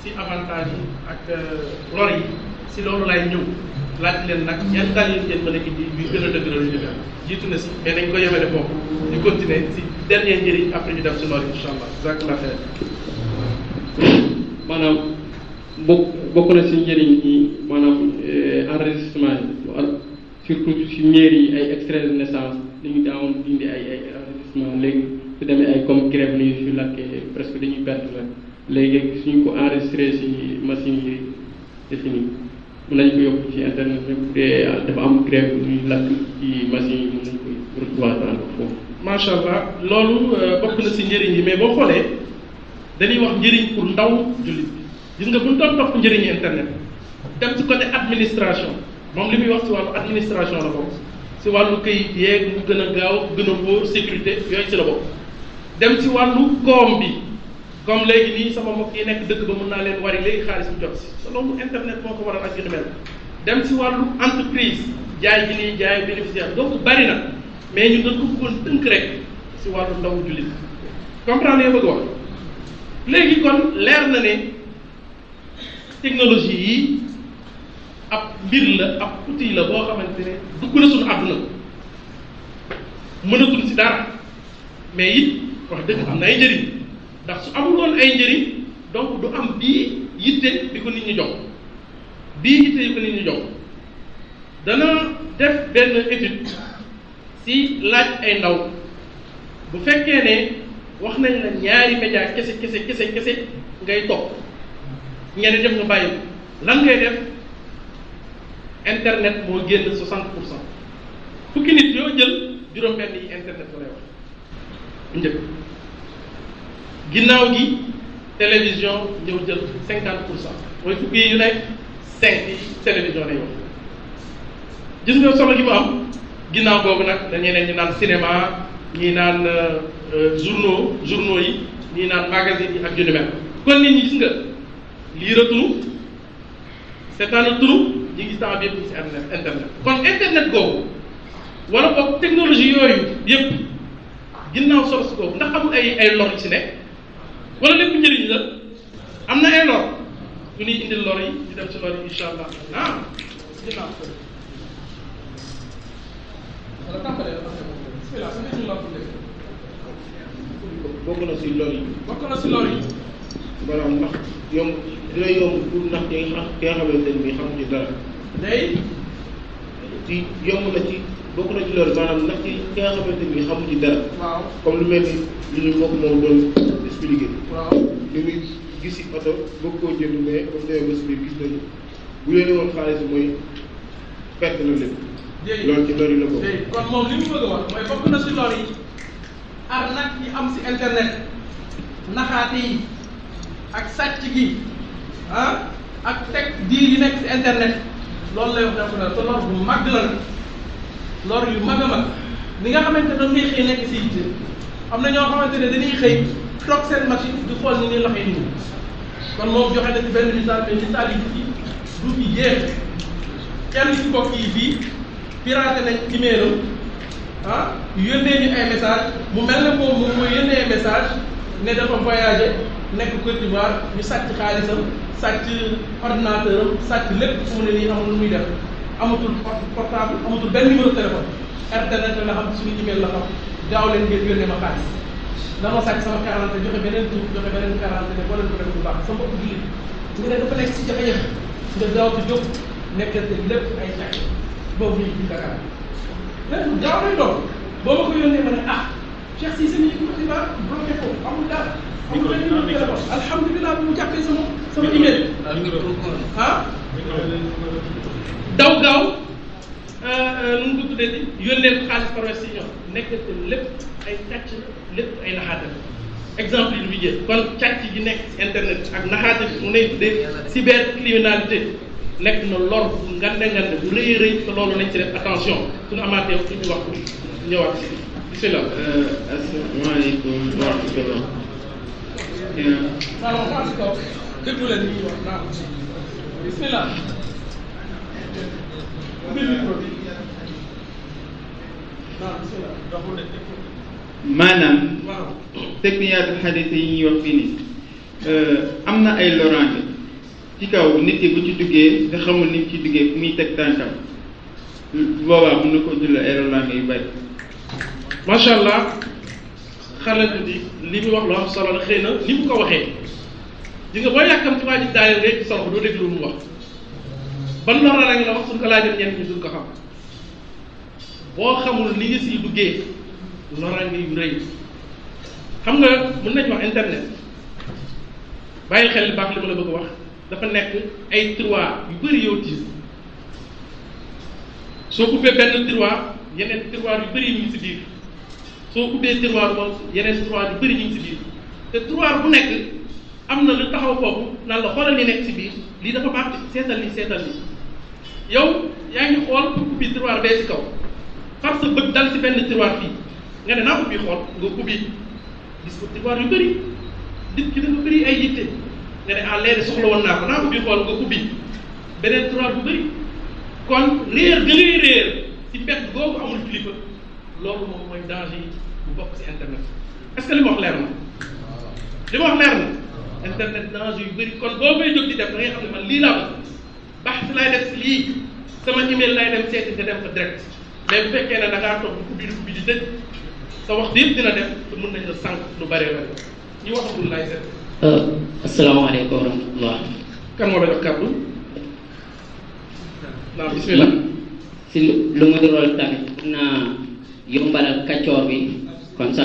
si avantage yi ak euh, lor yi loolu lay ñëw laaj leen nag yan dalil ngeen mën a indi yu ñu mel nañ ko yemale foofu ñu continuer si dernier njëriñ après ñu def si loolu incha allah jazakallah xeer maanaam bokk bokk si njëriñ yi maanaam eh, enregistrement yi surtout si mairie yi ay extrait daawoon dindi ay ay enregistrement léegi su demee ay comme grève ni su lakkee presque dañuy perte la léegi suñu ko enregistré si machine yi défini mën nañ ko yóbbu ci internet bi bu dee dafa am grève ñuy lakk ci machine yi mën nañ ko recevoir daal foofu. macha allah loolu euh, bokk na si njëriñ yi mais boo xoolee dañuy wax njëriñ pour ndaw jullit gis nga bu ñu doon topp njëriñ internet dem ci côté administration moom li muy wax si wàllu administration la bokk si wàllu këyit yeeg mu gën a gaaw gën a wóor sécurité yooyu si la bokk dem ci wàllu koom bi. comme léegi nii sama mbokk yi nekk dëkk ba mën naa leen wari léegi xaalis mu jot si te loolu internet moo ko waral ak yu dem si wàllu entreprise jaay bi nii jaay bénéficiaire donc bari na mais ñu dañ ko bëggoon tënk rek si wàllu ndaw jullit comprendre nga bëgg wax léegi kon leer na ne technologie yi ab mbir la ab outil la boo xamante ne dugg na suñu àdduna mënatuñ si dara mais it wax dëgg am na ay njëriñ. ndax su amul woon ay njëriñ donc du am bii yitte di ko nit ñi jox bii yitte di ko nit ñi jox dana def benn étude si laaj ay ndaw bu fekkee ne wax nañ la ñaari média kese kese kese kese ngay topp ñeneen def nga bàyyi lan ngay def internet moo génn 60 pour cent fukki nit yoo jël juróom-benn yi internet la lay wax bu njëkk. ginnaaw gi télévision ñëw jël cinquante pour cent mooy fukki yu nekk cinq yi télévision lay wax gis nga solo gi mu am ginnaaw boobu nag dañu ne ñu naan cinéma ñii naan euh, journaux journaux yi ñii naan magazine yi ak yu ni mel kon nit ñi gis nga lii rëtunu seetaanu turu ñi ngi temps bi yëpp ci internet kon internet googu wala boog technologie yooyu yëpp ginnaaw solos googu ndax am ay ay lor ci ne wala lépp njëriñ la am na ay lor lu ñuy indil lor yi di dem ci lor yi incha allah naam dinaa bokk na si lor bokk na si lor yi. maanaam ndax yomb dina yomb pour ndax ki nga xamante ne bii xamuñu dara. day. ci yomb na ci. bokk na ci loolu maanaam ndax ci ki nga xamante ni xamu ci dara. waaw comme lu mel ni li ñu mbokk moom doon expliqué. waaw li muy gis si oto bëgg koo jënd mais comme tey bés bi gis nañu bu leen woon xaalis mooy perte na lépp. jërëjëf ci lori la bokk. jërëjëf a wax mooy bokk na si lori yi arnaque am si internet naxaate yi ak sàcc gi ah ak teg diir yi nekk si internet loolu lay wax dafa na te lor bu mag la nag. lor yu mag a mag li nga xamante noonu ngay xëy nekk si yitte am na ñoo xamante ne dañuy xëy toog seen machine di xool ni ñuy loxo yi nii kon moom joxe na ci benn misaal mais misaal yi ci du fi yéex kenn ci mbokk yi fii piraté nañ email am ah yónnee ñu ay message mu mel ne moom moom mooy message ne dafa voyagé nekk Côte d'Ivoire ñu sàcc xaalisam sàcc ordinateur am sàcc lépp fu ne nii na lu muy def amatul portable amatul benn numéro téléphone internet la xam suñu email la xam gaaw leen ngeen yónnee ma xaalis danoo sàcc sama quarante joxe beneen tur joxe beneen quarante ne boo leen ko def bu baax sama bopp jullit nga ne dafa nekk si jafe-jafe nga gaaw a jóg nekkante lépp ay càcc boobu ñu ci Dakar léegi gaaw lay doon boo ma ko yónnee ma ne ah Cheikh Cissé mi ko xibaar bloqué ko amul dara amul benn numéro téléphone alhamdulilah bu mu jàppee sama sama email ah daw daw euh, euh, nu mu ko tuddee di yónnee ko xaalis par si ñoom nekk lépp ay càcc la ay naxaate la exemple yi ñu jël kon càcc gi nekk internet ak naxaate bi mu ne tuddee cybercriminalité nekk na lor bu ngande ngande bu rëy rëy te loolu nañ ci def attention suñu amaatee suñu wax ñëwaat si bisimilah. Euh, asalaamaaleykum wa rahmatulah. dégg nga. bismillah maanaam technique xadis yi ñuy wax fii nii euh, am na ay lorange ci kaw nit ki bu ci duggee te xamul ni ci duggee fu muy teg tànkam boobaa mën na ko julla ay yu bari macha allah xalatu di li mu wax lu am solo la xëy na ni mu ko waxee gis nga boo yàkkam ci waa ji daaneel ngay ci doo déglu lu mu wax ban lor la rek la wax suñ ko laajoon ñenn ñi duñ ko xam boo xamul ni yës yi duggee loraange yu rëy xam nga mën nañu wax internet bàyyi xel li baax li ma la bëgg wax dafa nekk ay tiroir yu bëri yow tiis soo coupé benn tiroir yeneen tiroir yu bëri ñu ngi si biir soo coupé tiroir moom yeneen tiroir yu bëri ñu ngi si biir te tiroir bu nekk am na lu taxaw kooku nan la xoolal li nekk ci biir lii dafa baax seetal ni seetal ni yow yaa ngi xool ubbi tiroir bee ci kaw far sa bët dal ci benn tiroir fii nga ne naa ubbi xool nga ubbi gis ko tiroir yu bëri nit ki dafa bëri ay yitte nga ah, beneen tiroir bu bëri kon réer gi lay réer ci mbett googu amul kilifa loolu moom mooy danger yi bu bokk ci internet est-ce que ma wax leer ma internet danger yu bëri kon boo may jóg di def da ngay xam ne man lii laa bëgg baax laay def lii sama email laay dem seeti nga dem fa direct mais bu fekkee ne da di tëj sa wax yëpp dina def te mun nañ la sànq lu bëree bëri laay seet. asalaamaaleykum si lu mu dul tamit naa yombalal kàccoor bi comme ça.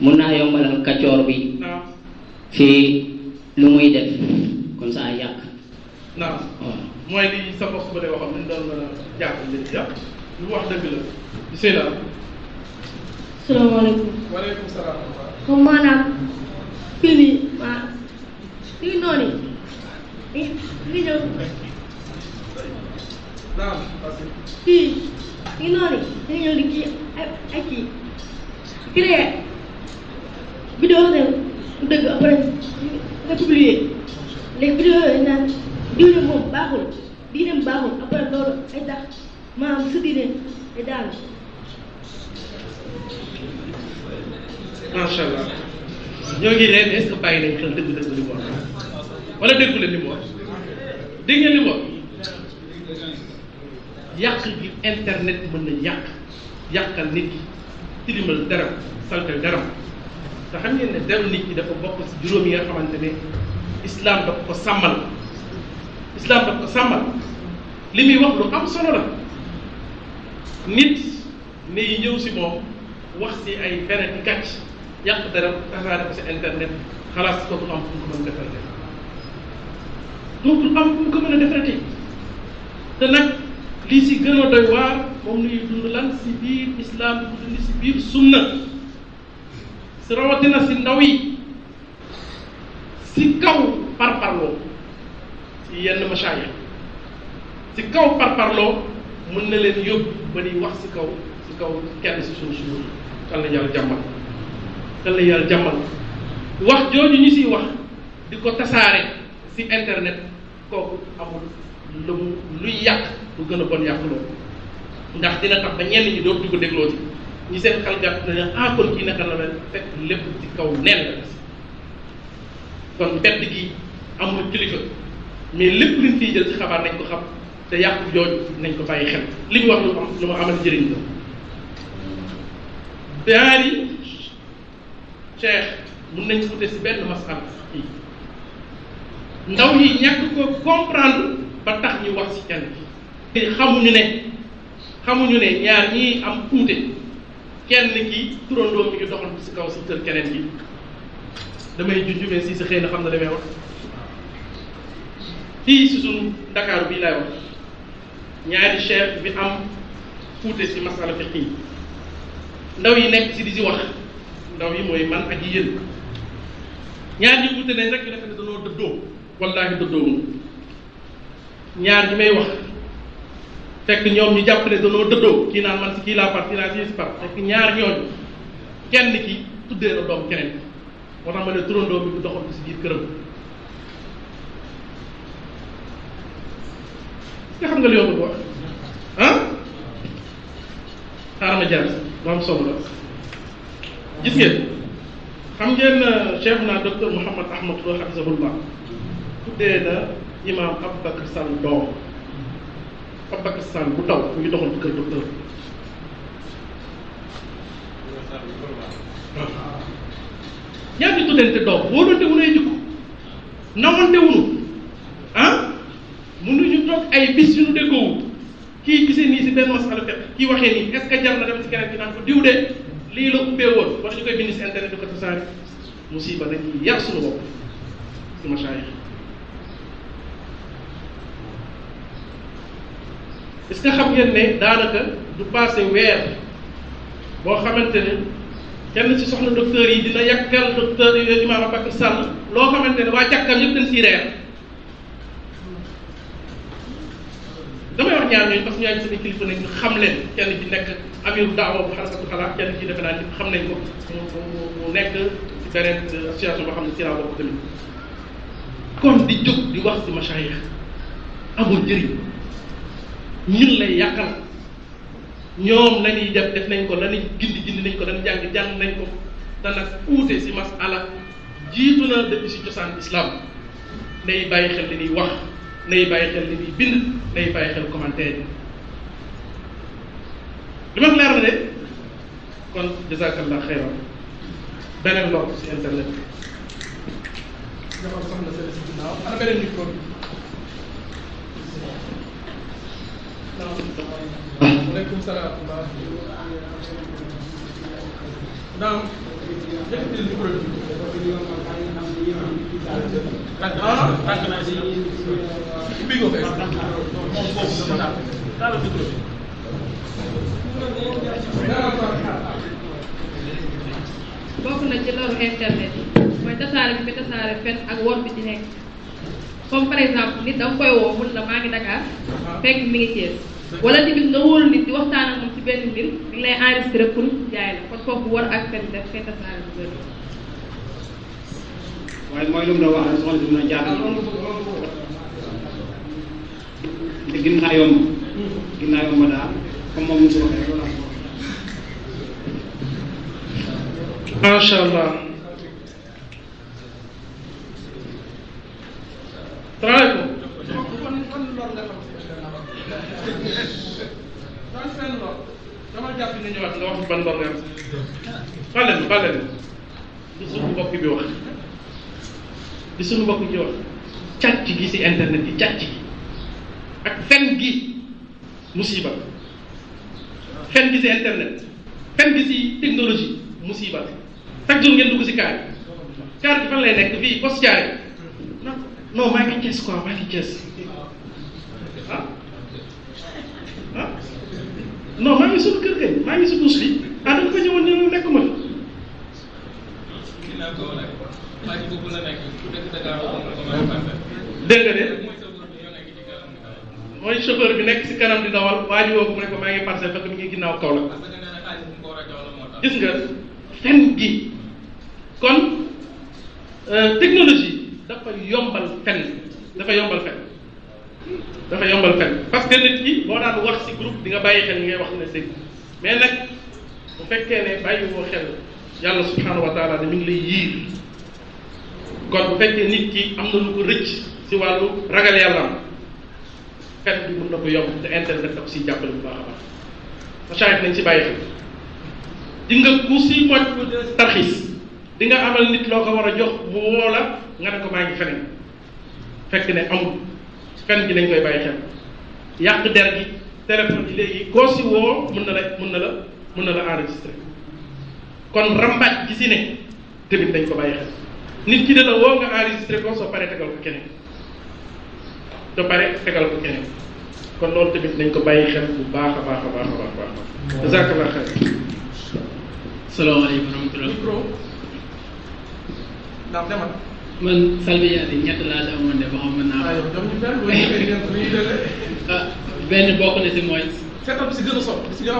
mun naa yombalal kaccoor bi ci lu muy def comme ça yàq. waaw mooy li sa bopp ba de waxoon nañ doon mën a jàppale yàq lu wax dëgg la bisimilah. salaamaaleykum. waaleykum salaam. comme maanaam fii nii ah fii noonu yi li ñëw. naam. fii fii noonu yi ñu ñëw di kii ak ak kii créer. vidéo réew bu dëgg après nga publier léegi vidéo naan diine moom baaxul diineem baaxul après loolu ay tax maanaam sa diine ay daal macha allah ñoo ngi leen est-ce bàyyi nañ xel dëgg dëgg li wala déggu leen li mu wax yàq gi internet mën na yàq yàqal nit tilimal deram saltal deram te xam ngeen ne deru nit ki bokk si juróom yi nga xamante ne islam daf ko sàmmal islam daf ko sàmmal li muy wax lu am solo la nit ni ñëw si moom wax si ay fene di gàcc yàq dara tasaare ko si internet xalaat si ko mën a am fu mu ko mën a defaree te nag lii si gën a doy waar moom nuy dund lan si biir islam dund si biir si rawatina si ndaw yi si kaw parparloo ci yenn machaaya si kaw parparloo mën na leen yóbbu ba di wax si kaw si kaw kenn si suñu suñu kan la yàlla jàmmal kan la yàlla jàmmal wax jooju ñu siy wax di ko tasaare si internet kooku amul lu luy yàq lu gën a bon yàq loolu ndax dina tax ba ñenn ñi dootu ko dégloo ci ñi seen xel jàpp nañu ah kon kii naka la mel fekk lépp ci kaw neen kon mbedd gi amul kilifa mais lépp liñ fiy jël ci xabaar nañ ko xam te yàqu jooju nañ ko bàyyi xel li wax lu am lu ma amal njëriñ la daari cheikh mun nañ wute si benn masala yi ndaw yi ñàkk ko comprendre ba tax ñu wax si kenn xamuñu ne xamuñu ne ñaar ñii am tuute kenn ki turandoom mi ngi doxal ci kaw si kër keneen gi damay junj mais si sa xëy na xam na li wax fii si suñu Dakar bii laay wax ñaari chef bi am fuute si masala fiq yi ndaw yi nekk si di si wax ndaw yi mooy man ak yéen ñaar ñi fuute nañ rek ñu danoo dëddoo wallaahi dëddoo ñaar ñi may wax. fekk ñoom ñu jàpp ne danoo dëddoo kii naan man si kii laa par kii naa si par fekk ñaar ñooñu kenn ki tuddee na doom keneen moo tax ma ne turandoo bi bu doxal ko si biir këram nga xam nga li yomb wax ah xaaral ma jaar ma am solo la gis ngeen xam ngeen euh, cheikh naa docteur Mouhammad Ahmad Lo hafizahullah tuddee na imam Aboubacar Sall doom ab Pakistan bu taw mu ngi doxal ci kër docteur yaa tuddante doom boo doon déglu ay jikko nawante wuñu ah mënuñu toog ay bis yu ñu déggoowul kii gisee nii si benn masala fekk kii waxee nii est ce que jar na dem si keneen ki naan ko diw de lii la ubbee woon wax ñu koy bind si internet du ko tasaare musiba nañ yar suñu bopp si macha est-ce que xam ngeen ne daanaka du passé weer boo xamante ne kenn ci soxna docteur yi dina yàkkal docteur yooyu imaam Ababacar Sall loo xamante ne waa jàkkam yëpp dañ siy reer damay wax ñaar ñooñu parce que ñaar samay kilifa nañ xam leen kenn ci nekk amiru daawa bu xarasatu xalaat kenn ci defe naa ñëpp xam nañ ko mu mu nekk ci beneen euh, association boo xam ne ci laa bokk tamit kon di jóg di wax ci ñun lay yàqal ñoom la ñuy def def nañ ko la ñuy gindi gindi nañ ko dañ jàng jàng nañ ko dana uute si masala jiitu na depuis si cosaan islam nay bàyyi xel li ñuy wax nay bàyyi xel li ñuy bind nay bàyyi xel commentaire yi li ma leer na ne kon jazakallah xayran beneen beneen micro bi. bokk na ci loolu internet yi mooy tasaare bi tasaare fen ak wor bi ci nekk comme par exemple nit da koy woo mun la maa ngi Dakar fekk mi ngi Thiès wala tamit nga wóolu nit di waxtaan ak moom ci benn mbir di waaye mooy lu mu wax rek soxna si mën a jaar. te gën naa yomb. daal comme allah. travaille ko. dama jàpp ne ñëwaat nga wax ban lor nga am bàlleen bàlleen di suñu mbokk bi wax di suñu mbokk ji wax càcc gi si internet yi càcc gi ak fen gi musiba fen gi si internet fen gi si technologie musiba chaque jour ngeen dugg si kaar kaar gi fan lay nekk fii post caare non maa ngi Thiès quoi maa ngi Thiès ah ah non maa ngi suñu kër gañ maa ngi suñu suuf bi ah dañ ko ñëwoon ne mu nekk ma. dégg nga de mooy chauffeur bi nekk si kanam di dawal waa ji woo ko mu ne ko maa mi ngi ginnaaw kaw la gis nga fen gi kon euh, technologie. dafa yombal fen dafa yombal fen dafa yombal fen parce que nit ki boo daan wax ci groupe di bàyyi xel ngay wax ne sëñ mais nag bu fekkee ne bàyyi woo xel yàlla subhanahu wa taala ne mi ngi lay yiir kon bu fekkee nit ki am na lu ko rëcc ci wàllu ragal yàlla am fen bi mën na ko yomb te internet daf ci jàppale bu baax a baax masaayif nañ ci bàyyi xel di nga ku si moytu tarxiis di nga amal nit loo ko war a jox mu woo la nga ne ko maa ngi feneen fekk ne amul fen gi lañ koy bàyyi xel yàq der gi téléphone yi léegi koo si woo mun na la mun na la mun na la enregistré kon rambaaj gi si nañ ko bàyyi xel nit ki dana woo nga enregistré ko soo paree tegal ko keneen soo paree tegal ko keneen kon loolu tamit nañ ko bàyyi xel bu baax a baax a baax a baax a baax jazakallah xel salaamaaleykum wa rahmatulah ndax man salmiyaati ñett laa si amoon de ba xam mën naa ah, (laughs) ah benn bokk na si mooy. seetal bi a solo bi si gën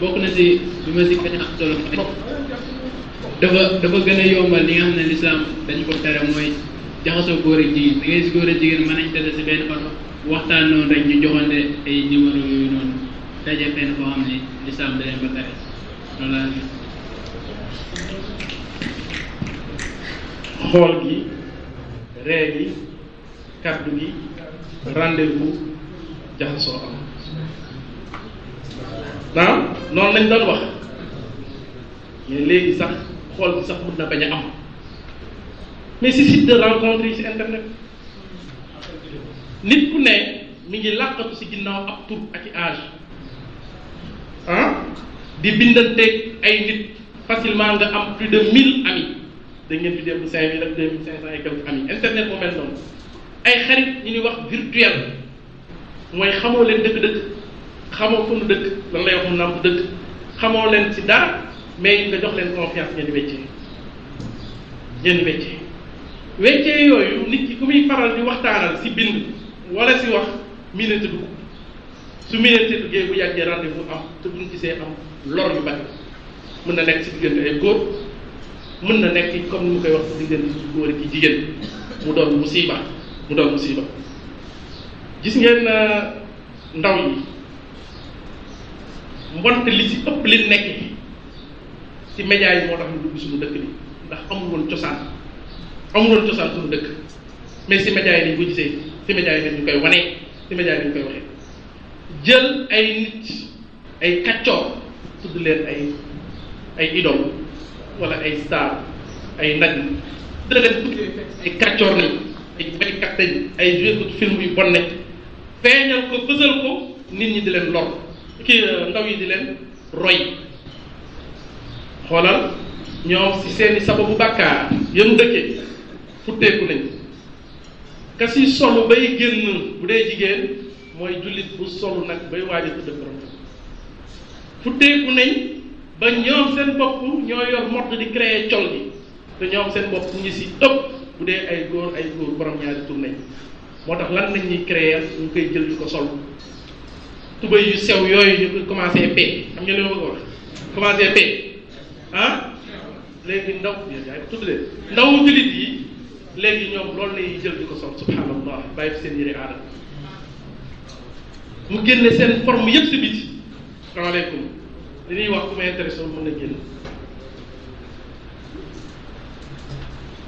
bokk na si bi si dafa dafa gën a yombal li nga xam ne lislaam dañu ko tere mooy jaxasoo góor ak jigéen da ngay si góor ak jigéen mën nañ tase si benn oto waxtaan noonu rek ñu joxante ay numéro yooyu noonu daje fenn foo xam ne lislaam da ba tere loolu laa xool gi ree gi kaddu gi rendez-vous jaxasoo am ah noonu lañ doon wax mais léegi sax xool gi sax mën na bañ a am mais si site de rencontre yi si internet nit ku ne mi ngi làqatu si ginnaaw ab tur ak i âge ah di teg ay nit facilement nga am plus de mille amis da ngeen di dem bu cinq mille ak deux mille cinq cent et internet moo noonu ay xarit ñu ñuy wax virtuel mooy xamoo leen dëkk-dëkk xamoo fu nu dëkk lan lay wax mu dëkk xamoo leen ci daa mais nga jox leen confiance ngeen di weccee ngeen di weccee weccee yooyu nit ki ku muy faral di waxtaanal si bind wala si wax minute dugg su minute duggee bu yàggee rendez-vous am te buñ gisee am lor yu bari mën na nekk si diggante ay góor mën na nekk comme ni mu koy wax ci diggante góor ak jigéen mu doon musiba mu doon musiba gis ngeen euh, ndaw yi mbonte li ci ëpp li nekk ci médias yi moo tax ñu dugg suñu dëkk bi ndax amul cosaan amul woon cosaan suñu dëkk mais ci médias yi dañ koy wane ci médias yi dañ koy waxee jël ay nit ay kaccoor tudd leen ay ay wala ay star ay nag dina ay kàccoor nañ ay baykat lañ ay joueur film yu bon nañ feeñal ko fësal ko nit ñi di leen lor kii euh, ndaw yi di leen roy xoolal ñoom si seeni sababu bàkkaar yëm dëkkee futteeku nañ kasi solu bay génn bu dee jigéen mooy jullit bu solu nag bay waaj a tudd borom futteeku nañ ba ñoom seen bopp ñoo yor mott di créer col yi te ñoom seen bopp ñu si ëpp bu dee ay góor ay góor borom ñaari tournée moo tax lan nañ créer ñu koy jël di ko sol tubéy yu sew yooyu ñu koy commencé pee xam nga li ma ko wax commencé ah? léegi ndaw yaay ndaw jullit yi léegi ñoom loolu lañuy jël di ko sol subhanallah bàyyi fi seen yëre aadama mu génne seen forme yëpp si biti salaamaaleykum li ñuy wax ku ma intéressé wu na génn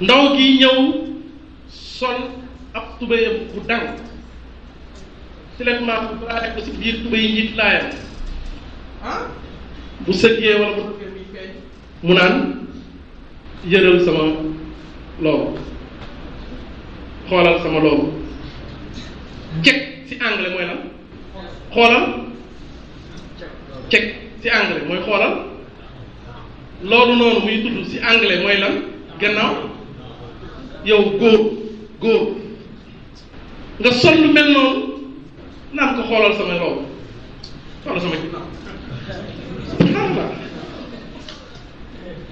ndaw gi ñëw sol ab tubéyam bu dang siletment bu balaa ko si biir tubéy yi nit laayam bu sëggee wala bu mu naan yëral sama loolu xoolal sama loolu cek si anglais mooy lan xoolal cek ci anglais mooy xoolal loolu noonu muy tudd ci anglais mooy lan gannaaw yow góor góor nga sol lu mel noonu naan ko xoolal sama loolu xoolal sama ginnaaw subhanallah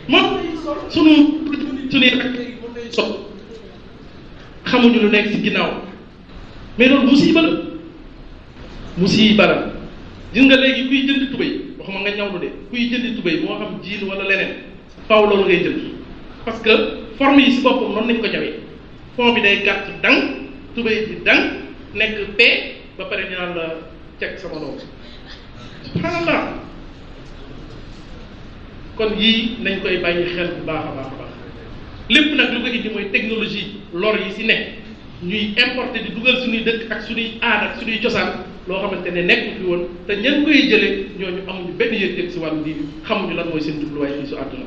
moom sunu sunu rek so xamuñu lu nekk ci ginnaaw mais loolu musiba la musiba la gis nga léegi kuy jënd tubéy waxuma nga ñawlu de kuy jëndi tubéy moo xam jiin wala leneen faw loolu ngay jënd parce que forme yi si boppam noonu nañ ko jawee fond bi day gàtt dang tubéy bi dang nekk p ba pare ñu naan la ceg sama loolu subhanallah kon yii nañ koy bàyyi xel baax a baax a baax lépp nag lu ko indi mooy technologie lor yi ci ne ñuy importer di dugal suñuy dëkk ak suñuy aada ak suñuy cosaan loo xamante ne nekk fi woon te ñan koy jëlee ñooñu amuñu benn yëg-yëg si wàllu diine xamuñu lan mooy seen jubluwaay fii su àdduna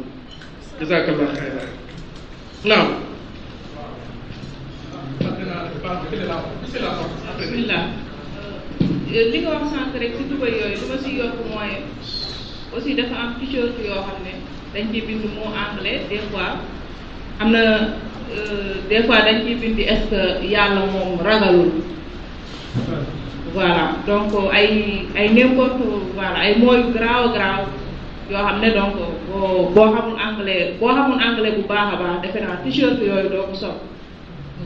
jazakallah xayra bismillah li nga wax sànq rek si duba yooyu li ma si yokk mooy aussi dafa am t-shirt yoo xam ne dañ ciy bind mot anglais des fois am na euh, des fois dañ ciy bind est yàlla moom ragalul voilà donc ay ay n'importe voilà ay mooyu garaaw garaaw yoo xam ne donc boo boo xamul anglais boo xamul anglais bu baax a baax defe naa t yooyu doo ko sol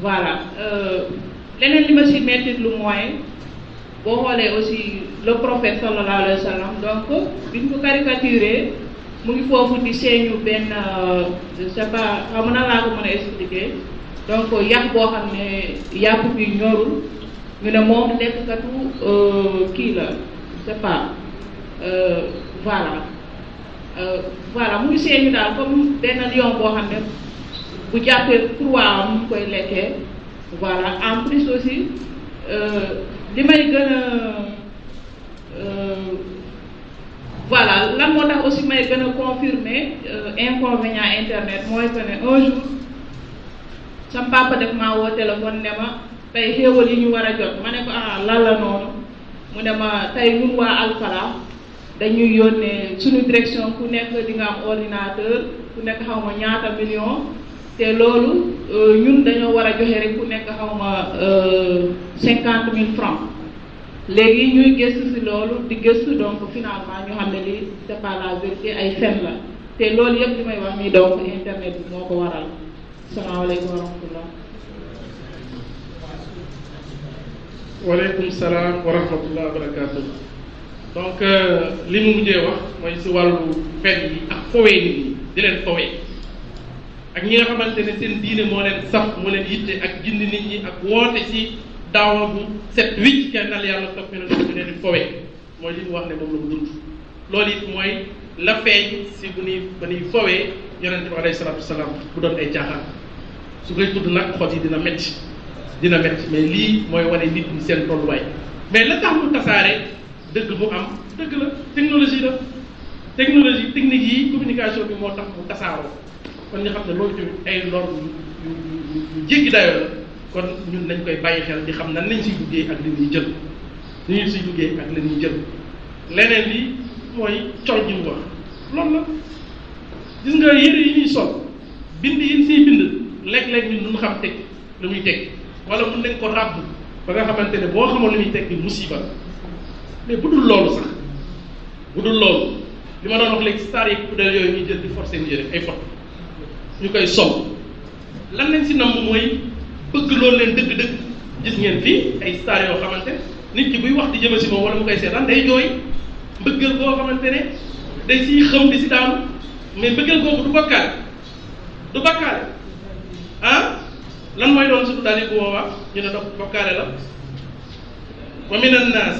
voilà euh, leneen li ma si mettit lu mooy boo xoolee aussi le prophète sallallahu alayhi wa sallam donc bi ñu ko mu ngi foofu di seeñu benn euh, je ne sais laa ko mën a expliquer donc yàq boo xam ne yàpp bi ñorul ñu ne moom lekkatu euh, kii la c'est pas euh, voilà euh, voilà mu daal comme benn lion boo xam ne bu jàppee croix mu koy lekkee voilà en plus aussi li may gën a voilà lan moo tax aussi may gën a confirmer inconvénient internet mooy que ne un jour sama papa def maa woo téléphone ne ma tey xéewal yi ñu war a jot ma ne ko ah lan la noonu mu ne ma tey ñun waa Alfala dañuy yónnee suñu direction ku nekk di nga am ordinateur ku nekk xaw ma ñaata million te loolu euh, ñun dañoo war a joxe rek ku nekk xaw ma euh, cinquante mille francs léegi ñuy gëstu ci loolu di gëstu donc finalement ñu xam ne li c'est pas vérité ay fen la te loolu yëpp li may wax nii donc internet bi moo ko waral salaamaaleykum wa rahmatullah waaleykum salaam wa rahmatullah barakaatu donc euh, li mu mujjee wax mooy si wàllu fen yi ak fowee nit ñi di leen fowee ak ñi nga xamante ne seen diine moo leen saf moo leen yitte ak gindi nit ñi ak woote ci daawa bu set wicc kenn dal yàlla topp ne ñu leen di fowee mooy li mu wax ne moom la mu dund loolu it mooy la si bu nuy ba nuy fowee yonente bi alayhi salaatu wasalaam bu doon ay caaxaan su koy tudd nag xol yi dina metti dina métti mais lii mooy wane nit ñi seen tolluwaay mais la tax mu tasaare dëgg mu am dëgg la technologie la technologie technique yi communication bi moo tax mu tasaaroo kon ñu xam ne loolu tamit ay lor yu yu la koy bàyyi xel di xam nan lañ siy duggee ak li ñuy jël ni duggee ak li ñuy jël leneen li mooy col ji mu wax nga yére yi ñuy sol bind yi ñu siy bind léeg-léeg ñun duñ xam teg lu muy teg. wala mun nañ ko ràbb ba nga xamante ne boo xamoon li muy tekki musiba mais bu dul loolu sax bu dul loolu li ma doon wax léegi star yi poudre yooyu ñuy jël di forcer seen yére ay photo ñu koy sol lan lañ si namm mooy bëgg loolu leen dëgg-dëgg gis ngeen fii ay star yoo xamante nit ki buy wax di jëme si moom wala mu koy seetaan ay jooy mbëggal koo xamante ne day si xam di si daanu mais mbëggal kooku du bakkaale du bakkaale ah lan mooy doon suuf daal di bu boobaa ñu ne dox bokkaale la wa min annaas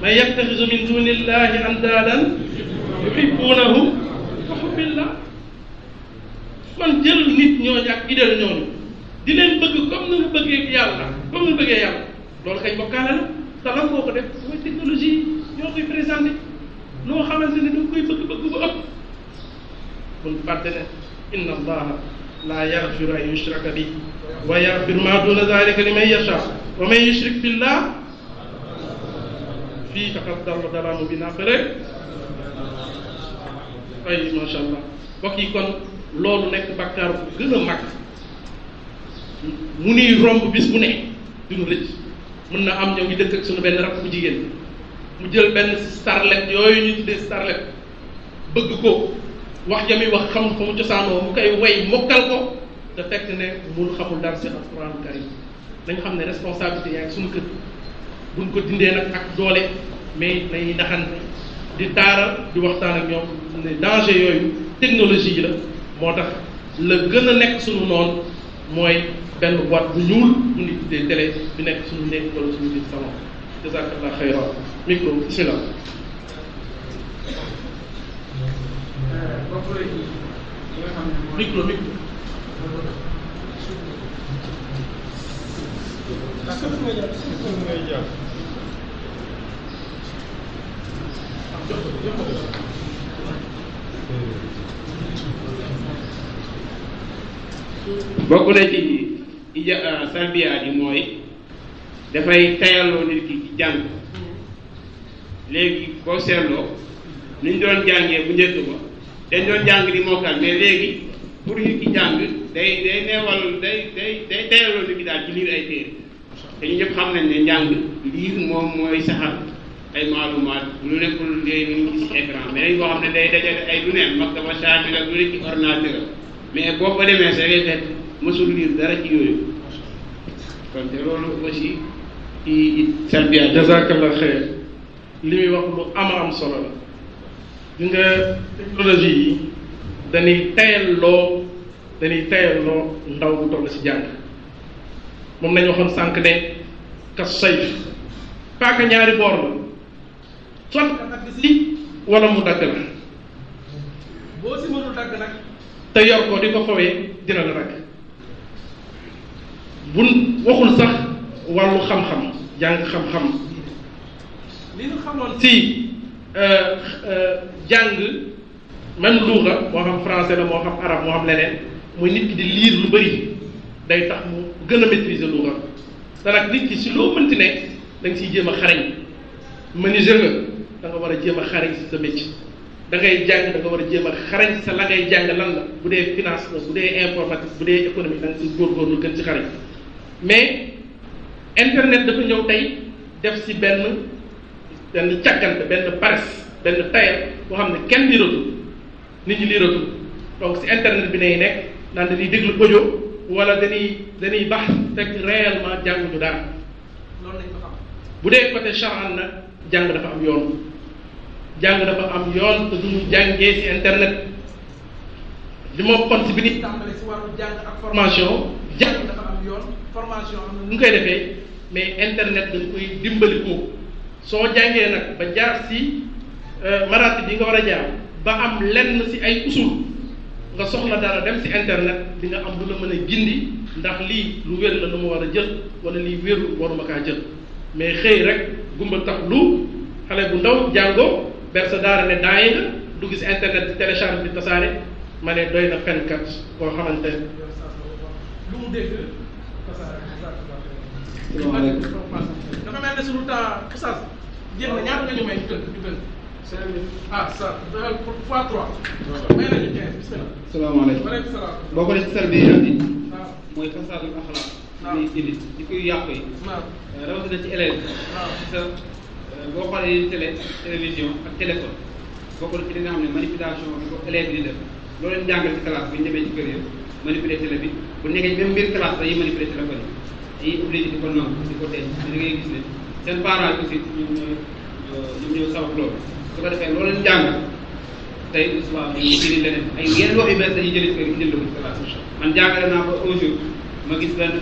man yattaxisu min duni illahi andaadan yuhibbuunahum ka hubbillah man jël nit ñooñu ak idéal ñooñu di leen bëgg comme ni bëggee yàlla comme ni mu bëggee yàlla loolu kay bokkaale la te koo ko def mooy technologie ñoo koy présenté noo xamante ne da koy bëgg-bëgg bu ëpp bul fàtte ne inna allaha laa yaxfiru an yushraka bi wa yaxfir ma duna dalika liman yasha wa man yushrik billah fii faqad dalla dalaalan mubiinan rek ay macha allah mbokk kon loolu nekk bàkkaar bu gën a mag mu nuy romb bis bu ne duñu rëcc mën na am ñoo ngi dëkk ak suñu benn rakk bu jigéen mu jël benn starlet yooyu ñu tuddee starlet bëgg ko. wax jami wax xam ko mu cosaanoo mu koy way mokkal ko te fekk ne mun xamul dara si alquran karim dañu xam ne responsabilité yaa ngi suñu kër buñ ko dindee nag ak doole mais nañuy naxante di taaral di waxtaan ak ñoom ne danger yooyu technologie yi la moo tax la gën a nekk suñu noonu mooy benn boîte bu ñuul bu ñu tuddee télé bi nekk suñu nekk wala suñu biir salon jazakallah xayran micro bismillah micro micro. bokk na ci ija salbiya euh, yi mooy dafay tayaloo nit ki ci jàng mm. léegi boo seetloo ni ñu doon jàngee bu njëkk ba dañ doon jàng di mokkal mais léegi pour nit ki jàng day day neewal day day day daal ci liir ay téere te ñu ñëpp xam ne njàng liir moom mooy saxal ay maalumaat lu nekkul léegi ñu ngi ci mais dañ koo xam ne day dajale ay lu mag dafa chargé ak lu ne ci ordinateur mais boo ko demee sa ngay mësul liir dara ci yooyu kon te loolu aussi ci it. Sarbia jazakallah xeer li muy wax lu am am solo la. ñu nga technologie yi dañuy tayalloo dañuy tayalloo ndaw bu toll si jàng moom nañu waxoon sànq ne kas sayf paaka ñaari boor la soit mu dagg la te yor ko di ko xawee dina la dagg bu waxul sax wàllu xam-xam jàng xam-xam li jàng man luuga moo xam français la moo xam arab moo xam leneen muy nit ki di liir lu bëri day tax mu gën a maîtriser luuga te nit ki si loo mënti ne da nga siy jéem a xarañ menuisier nga da nga war a jéem a xarañ si sa métier da jàng da war a jéem a xarañ sa la ngay jàng lan la bu dee finance la bu dee informatique bu dee économie da nga si góorgóorlu gën ci xarañ mais internet dafa ñëw tey def si benn benn càggante benn paresse benn boo xam ne kenn liiratu nit ñi liiratu donc si internet bi nay nekk naan dañuy déglu audio wala dañuy dañuy bax fekk réellement jànguñu dara loolu bu dee côté charan nag jàng dafa am yoon jàng dafa am yoon te duñu jàngee si internet li ma kon si bi ni tàmbale si formation formation defee mais internet dañ koy dimbali ko soo jàngee nag ba jaar si Euh, maraatib yi nga war a jaar ba am lenn si ay usul nga soxla dara dem ci internet di nga am lu la mën gindi ndax lii lu wér la lu ma war a jël wala lii wérul waruma kaa jël mais xëy rek gumba tax lu xale bu ndaw jàngoo ber sa daara ne daay nga du gis internet di télécharge bi tasaare ma ne doy na fenkat koo xamante cinq mille ah ça daal fois trois. may nañu mooy fasaadul axlaaq. waaw li ñuy indi di koy yàqu yi. waaw rawatina ci élèves. waaw sa boo xoolee ak téléphone bokkul ci li nga ne manipulation bi ko élèves yi def loolu leen jàngal ci classe bu ñu demee yi manipuler télé bi bu nekkee même biir classe dañuy manipuler téléphone yi dañuy obligé di ko noonu di ko denc da su ko defee loolu lañ jàng tey bu subaa ñu jëli leneen ay yeneen wax yu jëli kër man jàngale naa ko ma gis benn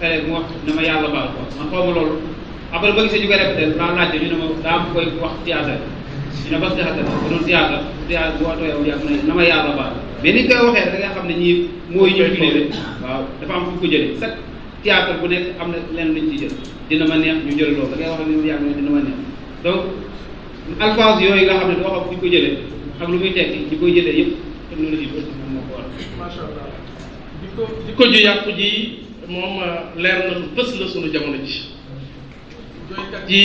élève mu wax ma yàlla ko man xaw ba gisee ñu koy répété daa laajte ñu ne ma daa am koy wax théâtre ñu ne bas jaxate ma ko na xam ne ñii mooy ñu jëlee waaw dafa am fu ko jëlee chaque bu nekk am leen luñ dina ma neex ñu jël loolu da ngay wax ne na dina ma neex donc alphase yooyu nga xam ne doo xam fu ko jëlee ak lu muy tekki ñu koy jëlee yëpp technologie ko di ko di ju yàqu ji moom euh, leer na lu fës la sunu jamono ji jooykat yi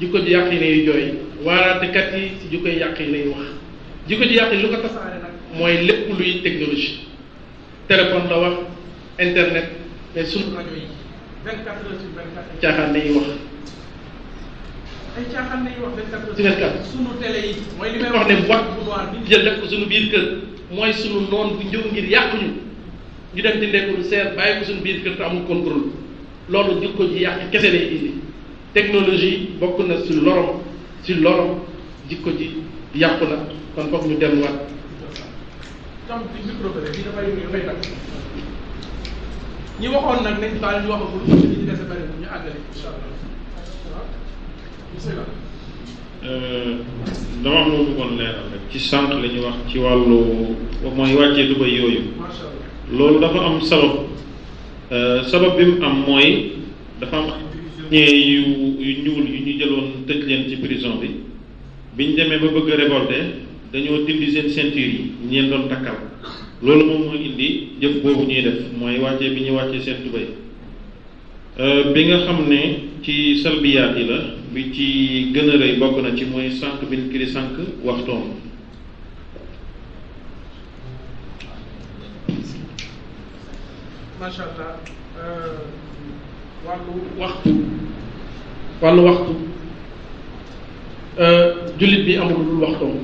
jikko ji yàq yi nay jooy waaraatekat yi si jikko ji yàq yi wax jikko ji yàq yi lu ko tasaare nag mooy lépp luy technologie téléphone la wax internet mais sunu rajo yi 24 heures wax ay caaxaan lay wax sunu télé yi mooy li may wax ne vote jël def ko sunu biir kër mooy sunu noon bu ñëw ngir yàquñu ñu dem dindee ko lu seer bàyyi ko sunu biir kër te amul contrôle loolu jikko ji yàq kese technologie bokk na si lorom si lorom jikko ji yàqu na kon foog ñu dem waat ñi waxoon nag nañ Euh, dama am ci sànq la wax ci wàllu mooy wàccee Dubaï yooyu loolu dafa am sabab euh, sabab bi mu am mooy dafa am prisonniers jëloon tëj leen ci prison bi biñ demee ba dañoo dindi seen ceinture doon takkal loolu moom moo indi jëf boobu ñuy def mooy wàccee bi ñuy wàccee seen Dubaï euh, bi nga xam ne ci salbiyaat yi la bi ci gën rëy bokk na ci mooy sànq bi nit sànq waxtoom macha allah euh, waxtu wàllu waxtu euh, jullit bi amul dul waxtoom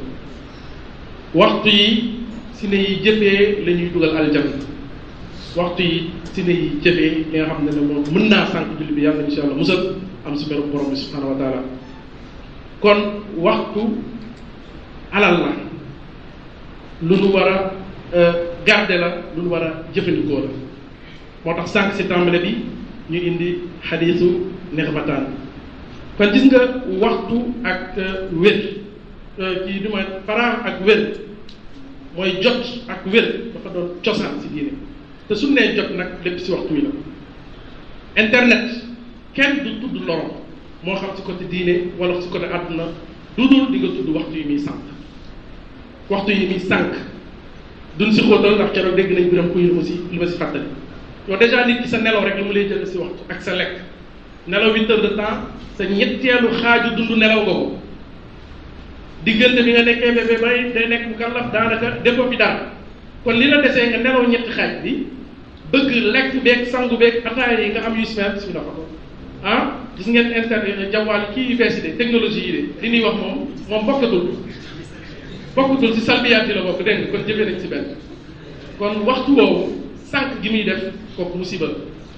waxtu yi si lay jëfee la ñuy dugal aljanna waxtu yi si lay jëfee li nga xam ne ne naa sànq jullit bi yàlla incha allah musal am si mbirum borom bi subhanahu wa kon waxtu alal la lu nu war a euh, garder la lu nu war a jëfandikoo la moo tax sànq si tàmbale bi ñu indi xadiisu nexmataan kon gis nga waxtu ak euh, wér ci euh, du ma ak wér mooy jot ak wér dafa doon cosaan si diine te su nee jot nag lépp si waxtu wi la internet kenn du tudd lorom moo xam ci côté diine wala ci côté àdduna du dul di tudd waxtu yi muy sànq waxtu yi muy sànq duñ si xóotal ndax keroog dégg nañ biram ku yëngu si lu ma si fàttali yow dèjà sa nelaw rek li mu lay jël si waxtu ak sa nelaw huit heures de temps sa ñetteelu xaaju dund nelaw nga ko diggante bi nga nekkee bébé bay day nekk bu kàllaaf daanaka déggoo bi daal kon li la desee nga nelaw ñetti xaaj bi bëgg lekk beeg sangu beeg ataaya yi nga xam yu si mel si ah gis ngeen internet jawwaal kii yu bees yi de technologie yi de li ñuy wax moom moom bokkatul bokkatul si salbiyaat yi la bokk dégg kon jëfee nañ si benn kon waxtu woowu sànq gi muy def kooku musiba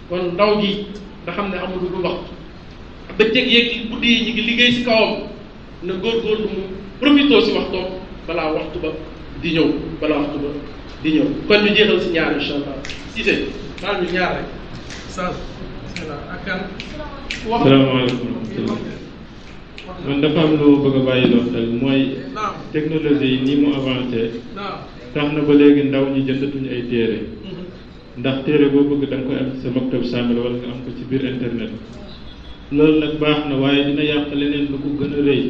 kon ndaw gi nga xam ne amul lu waxtu bëccëg yeeg guddi yi ñu ngi liggéey si kawam na góorgóorlu mu profitoo si waxtoom balaa waxtu ba di ñëw balaa waxtu ba di ñëw kon ñu jeexal si ñaar incha allah si de maa ñu ñaar rek. salaamaaleykum man dafa am lu bëgg a bàyyi loo xel mooy technologie yi nii mu avancé tax na ba léegi ndaw ñi jëndatuñu ay téere ndax téere boo bëgg da nga koy am ci sa maktab saamil wala am ko ci biir internet loolu nag baax na waaye dina yàq leneen lu ko gën a rëy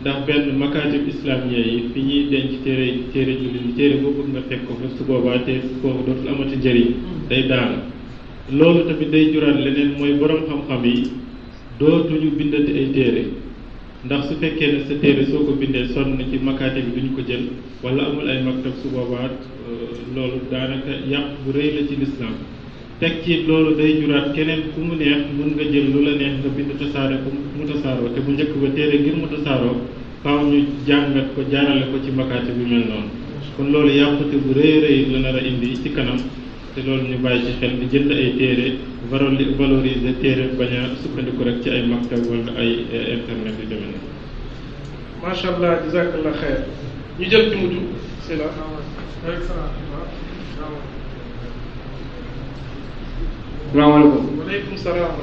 ndax benn makaatib islamiya yi fi ñuy denc téere téere jullit téere boo bëgg nga teg ko fa su boobaa te foofu dootul amati njëriñ day daanu loolu tamit day juraat leneen mooy boroom xam-xam yi dootuñu bindati ay téere ndax su fekkee ne sa téere soo ko bindee sonn ci makaate bi duñu ko jël wala amul ay maktab su boobaa euh, loolu daanaka yàq bu rëy la ci lislaam teg ci loolu day juraat keneen ku mu neex mun nga jël lu la neex nga bind tasaare ko mu tasaaroo te bu njëkk ba téere ngir mu tasaaroo faaw ñu jàngat ko jaarale ko ci makaate bi mel noonu kon loolu yàqute bu rëy rëy la nar a indi ci kanam te loolu ñu bàyyi ci xel di jënd ay téere varoli valoriser téere bañ a rek ci ay maktab wala ay eh, internet yu demee noonu. macha allah jazakallah xeer ñu jël ci si la. salaamaaleykum. waaleykum salaam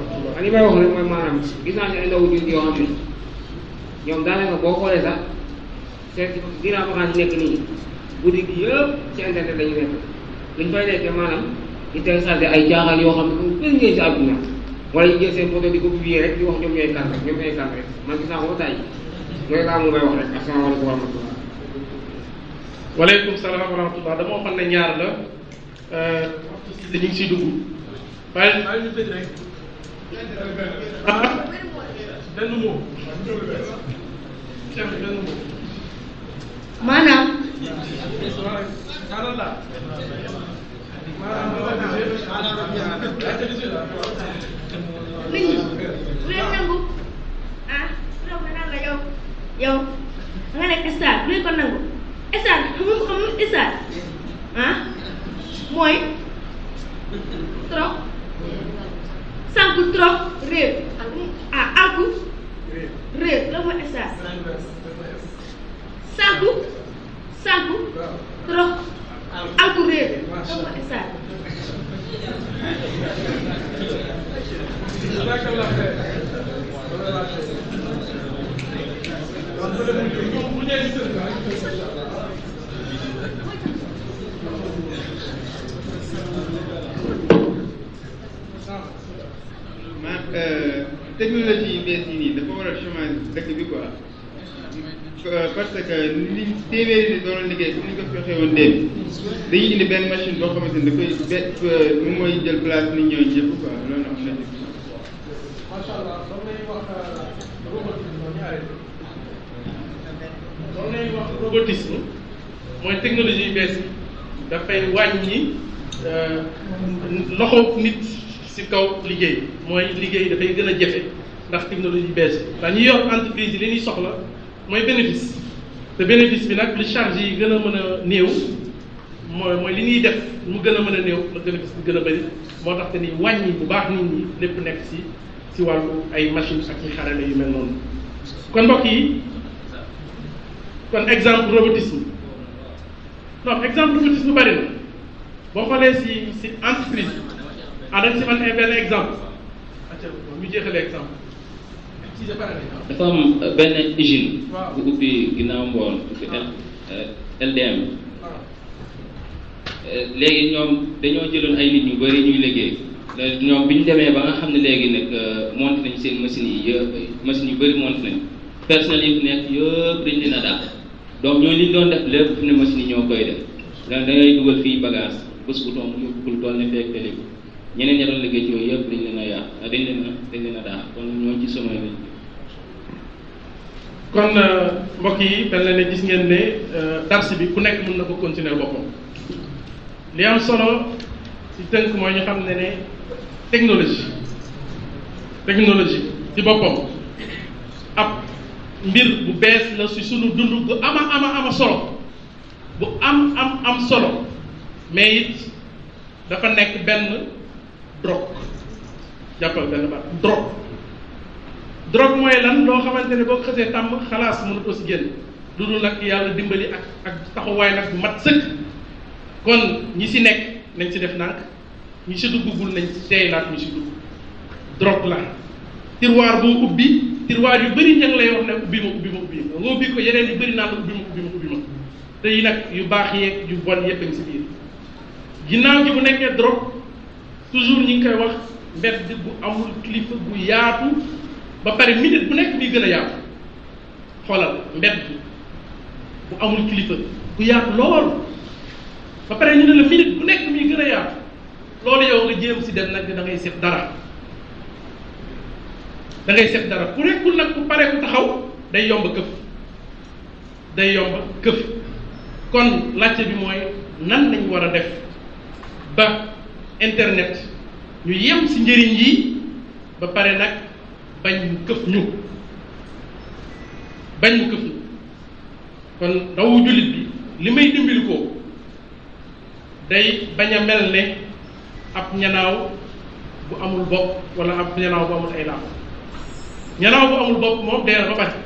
mooy maanaam gis naa ne ay ndaw ñun yoo xam ne ñoom daanaka boo xoolee sax te dinaa ma xam nekk nii guddi gi yëpp ci internet lañu nekk. luñ fay nekkee maanaam di télécharger ay jaaxal yoo xam ne bëri ngeen seen photo di ko publier rek di wax ñoom ñooy kan rek ñoom ñooy kan rek man gis naa ko ba tàyyi mooy laa mu may wax rek asalaamaaleykum wa rahmatullah waaleykum salaam wa rahmatullah la te euh, ñu ngi siy dugg waaye ah. benn mot nit ñi bu leen nangu ah bu leen ko nangu yow yow nga nekk star bu leen ko nangu star xam nga xam nga star ah mooy trop sànq trop réer ah àggu réer la mooy star sànq sànku trop alku réer euh, technologie yu bees yi nii dafa war a chômage dëkk bi quoi Euh, parce que li téeméeri ni doon liggéey comme ni ko fexee woon démb dañuy indi benn machine boo xamante ni dafay benn euh, mooy jël place nit ñooñu ñëpp quoi loolu euh, mooy technologie yu bees dafay wàññi loxo nit si kaw liggéey mooy liggéey dafay gën a jafe ndax technologie yu bees dañuy yor entreprise yi li ñuy soxla. mooy bénéfice te bénéfice bi nag li charge yi gën a mën a néew mooy mooy li ñuy def mu gën a mën a néew la bénéfice bi a bëri moo tax te ni wàññi bu baax nit ñi lépp nekk si si wàllu ay machine ak yi xarale yu mel noonu kon mbokk yi kon exemple robotisme non exemple bu bëri na boo xoolee si si entreprise ah dañ si man benn exemple ñu jeexale exemple dafa am euh, benn usine bu ubbi ginnaaw mboon LDM euh, euh, léegi ñoom dañoo jëloon ay nit ñu bëri ñuy liggéey ñoom bi ñu demee ba nga xam ne léegi nag monte nañ seen machines yi yëpp machines yu bëri monte nañ personnel yi fi nekk yëpp dañ leen a dàq donc ñooñu li doon def lépp fu ne yi ñoo koy def da dugal fii bagage bu tomb yóbbul tool ne fekk te ñeneen ña doon liggéey ci yooyu yëpp dañ leen a yàq dañ leen a dañ kon ñoo ci somay kon euh, mbokk yi dañ leen ne gis ngeen ne euh, darsi bi ku nekk mën na ko continuer boppam li am solo ci tënk mooy ñu xam ne ne technologie technologie ci boppam ab mbir bu bees la si sunu dund bu ama ama am solo bu am am am solo mais it dafa nekk benn drogue jàppal benn baat drogue drogue mooy lan loo xamante ne boo xësee tàmm xalaas mënut aussi génn lu dul nag yàlla dimbali ak ak taxawaay nag bu mat sëkk kon ñi ci nekk nañ ci def ndànk ñi si duggagul nañ si seey naat ñu la tiroir boo ubbi tiroir yu bëri ña ngi lay ne ubbi ma ubbi ma ubbi ma nga yeneen yu bëri naan la ubbi ma ubbi te yi nag yu baax yeeg yu bon yëpp a ngi si biir ginnaaw gi bu nekkee drogue toujours ñi ngi koy wax mbedd bu amul kilifa bu yaatu ba pare minute bu nekk muy gën a yaatu xoolal mbedd bu amul kilifa bu yaatu lool ba pare ñu ne la minute bu nekk muy gën a yaatu loolu yow nga jéem si dem nag da ngay seet dara da ngay dara ku nekkul nag ku pare ku taxaw day yomb këf day yomb këf kon laajte bi mooy nan lañ war a def ba internet ñu yem si njëriñ yi ba pare nag bañ mu këf ñu bañ këf ñu kon dawu jullit bi li may dimbali ko day bañ a mel ne ab ñanaaw bu amul bopp wala ab ñanaaw bu amul ay laaf ñanaaw bu amul bopp moom dee na ba pare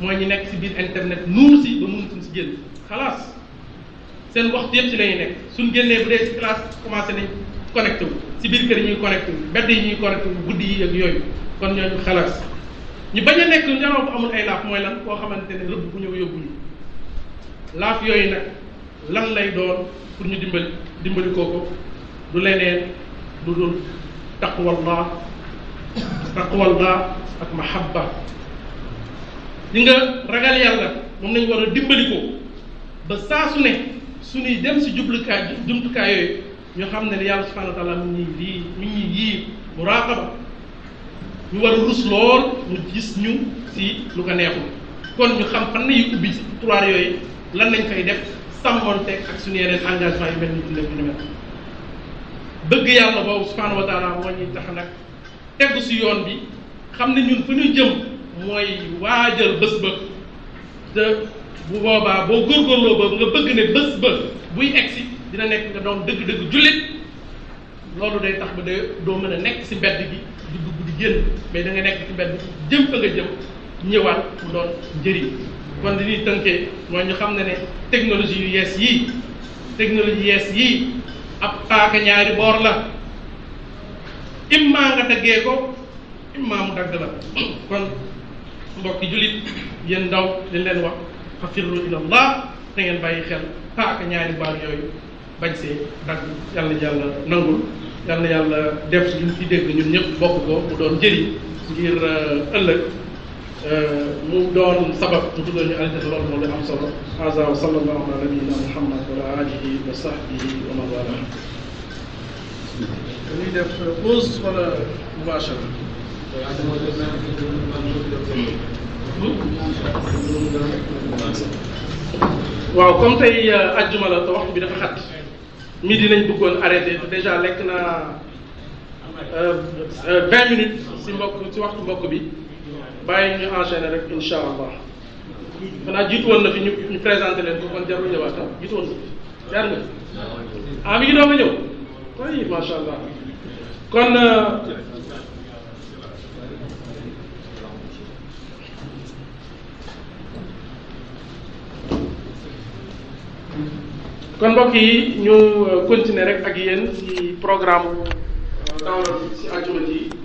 mooy ñu nekk ci biir internet nuur si ba mënatuñ si génn xalaas seen waxtu yëpp ci la ñuy nekk suñ génnee bu dee ci classe commencé nañ connecté wu ci biir kër yi ñuy connecté wu mbedd yi ñuy connecté wu guddi yi ak yooyu kon ñooñu xalaas ñu bañ a nekk ñanoo bu amul ay laaf mooy lan koo xamante ne rëbb bu ñëw yóbbu ñu laaf yooyu nag lan lay doon pour ñu dimbali dimbali ko du leneen du dul taqwallah taqwallah ak mahabba li nga ragal yàlla moom lañ war a dimbali ko ba saa su ne suñuy dem si jublukaay jumtukaay yooyu ñu xam ne yàlla subhanahu wa taala mi lii mi ngi yii muraqaba ñu war a rus lool mu gis ñu si lu ko neexul kon ñu xam fan nañu ubbi ci yooyu lan lañ koy def sàmmoonte ak suñu yeneen engagement yu mel ni dundee bëgg yàlla boobu subhanahu wa taala tax nag tegu si yoon bi xam ne ñun fu ñu jëm mooy waajal bés ba te bu boobaa boo góorgóorloo ba nga bëgg ne bés ba buy si dina nekk nga doon dëgg-dëgg jullit loolu day tax ba de doo mën a nekk si mbedd bi dugg génn mais da nga nekk ci mbedd jëm fa nga jëm ñëwaat mu doon njëriñ kon li ñuy tënkee mooy ñu xam na ne technologie yu yees yii technologie yees yii ab paaka ñaari boor la imma nga daggee ko imma mu dagg la kon mbokki jullit yéen ndaw li leen wax fafirru ilallah te ngeen bàyyi xel paaka ñaari baal yooyu bañ see dagg yàlla yàlla nangul yal na yàlla def suñu ci dégg ñun ñëpp bokk ko mu doon njëriñ ngir euh, ëllëg euh, mu doon sabab mu dugal ñu aljana loolu moo la am solo haza wa sallallahu ala nabiyina muhammad wa ala alihi wa sahbihi wa man wala dañuy def pause wala mubashara waaw comme tey euh, ajjuma la te waxtu bi dafa xat midi lañ bëggoon arrêté déjà lekk naa euh, euh, vingt minutes si mbokk si waxtu mbokk bi bàyyi ñu enchaîner rek insha allah xanaa jiitu woon na fi ñu ñu présenté leen ko kon jarul ñëwaat ah na fi jaar nga ah mi ngi doon nga ñëw oui macha allah kon. Euh, kon mbokk yi ñu continuer rek ak yéen ci programme mu euh, daaw ci àjjuma ji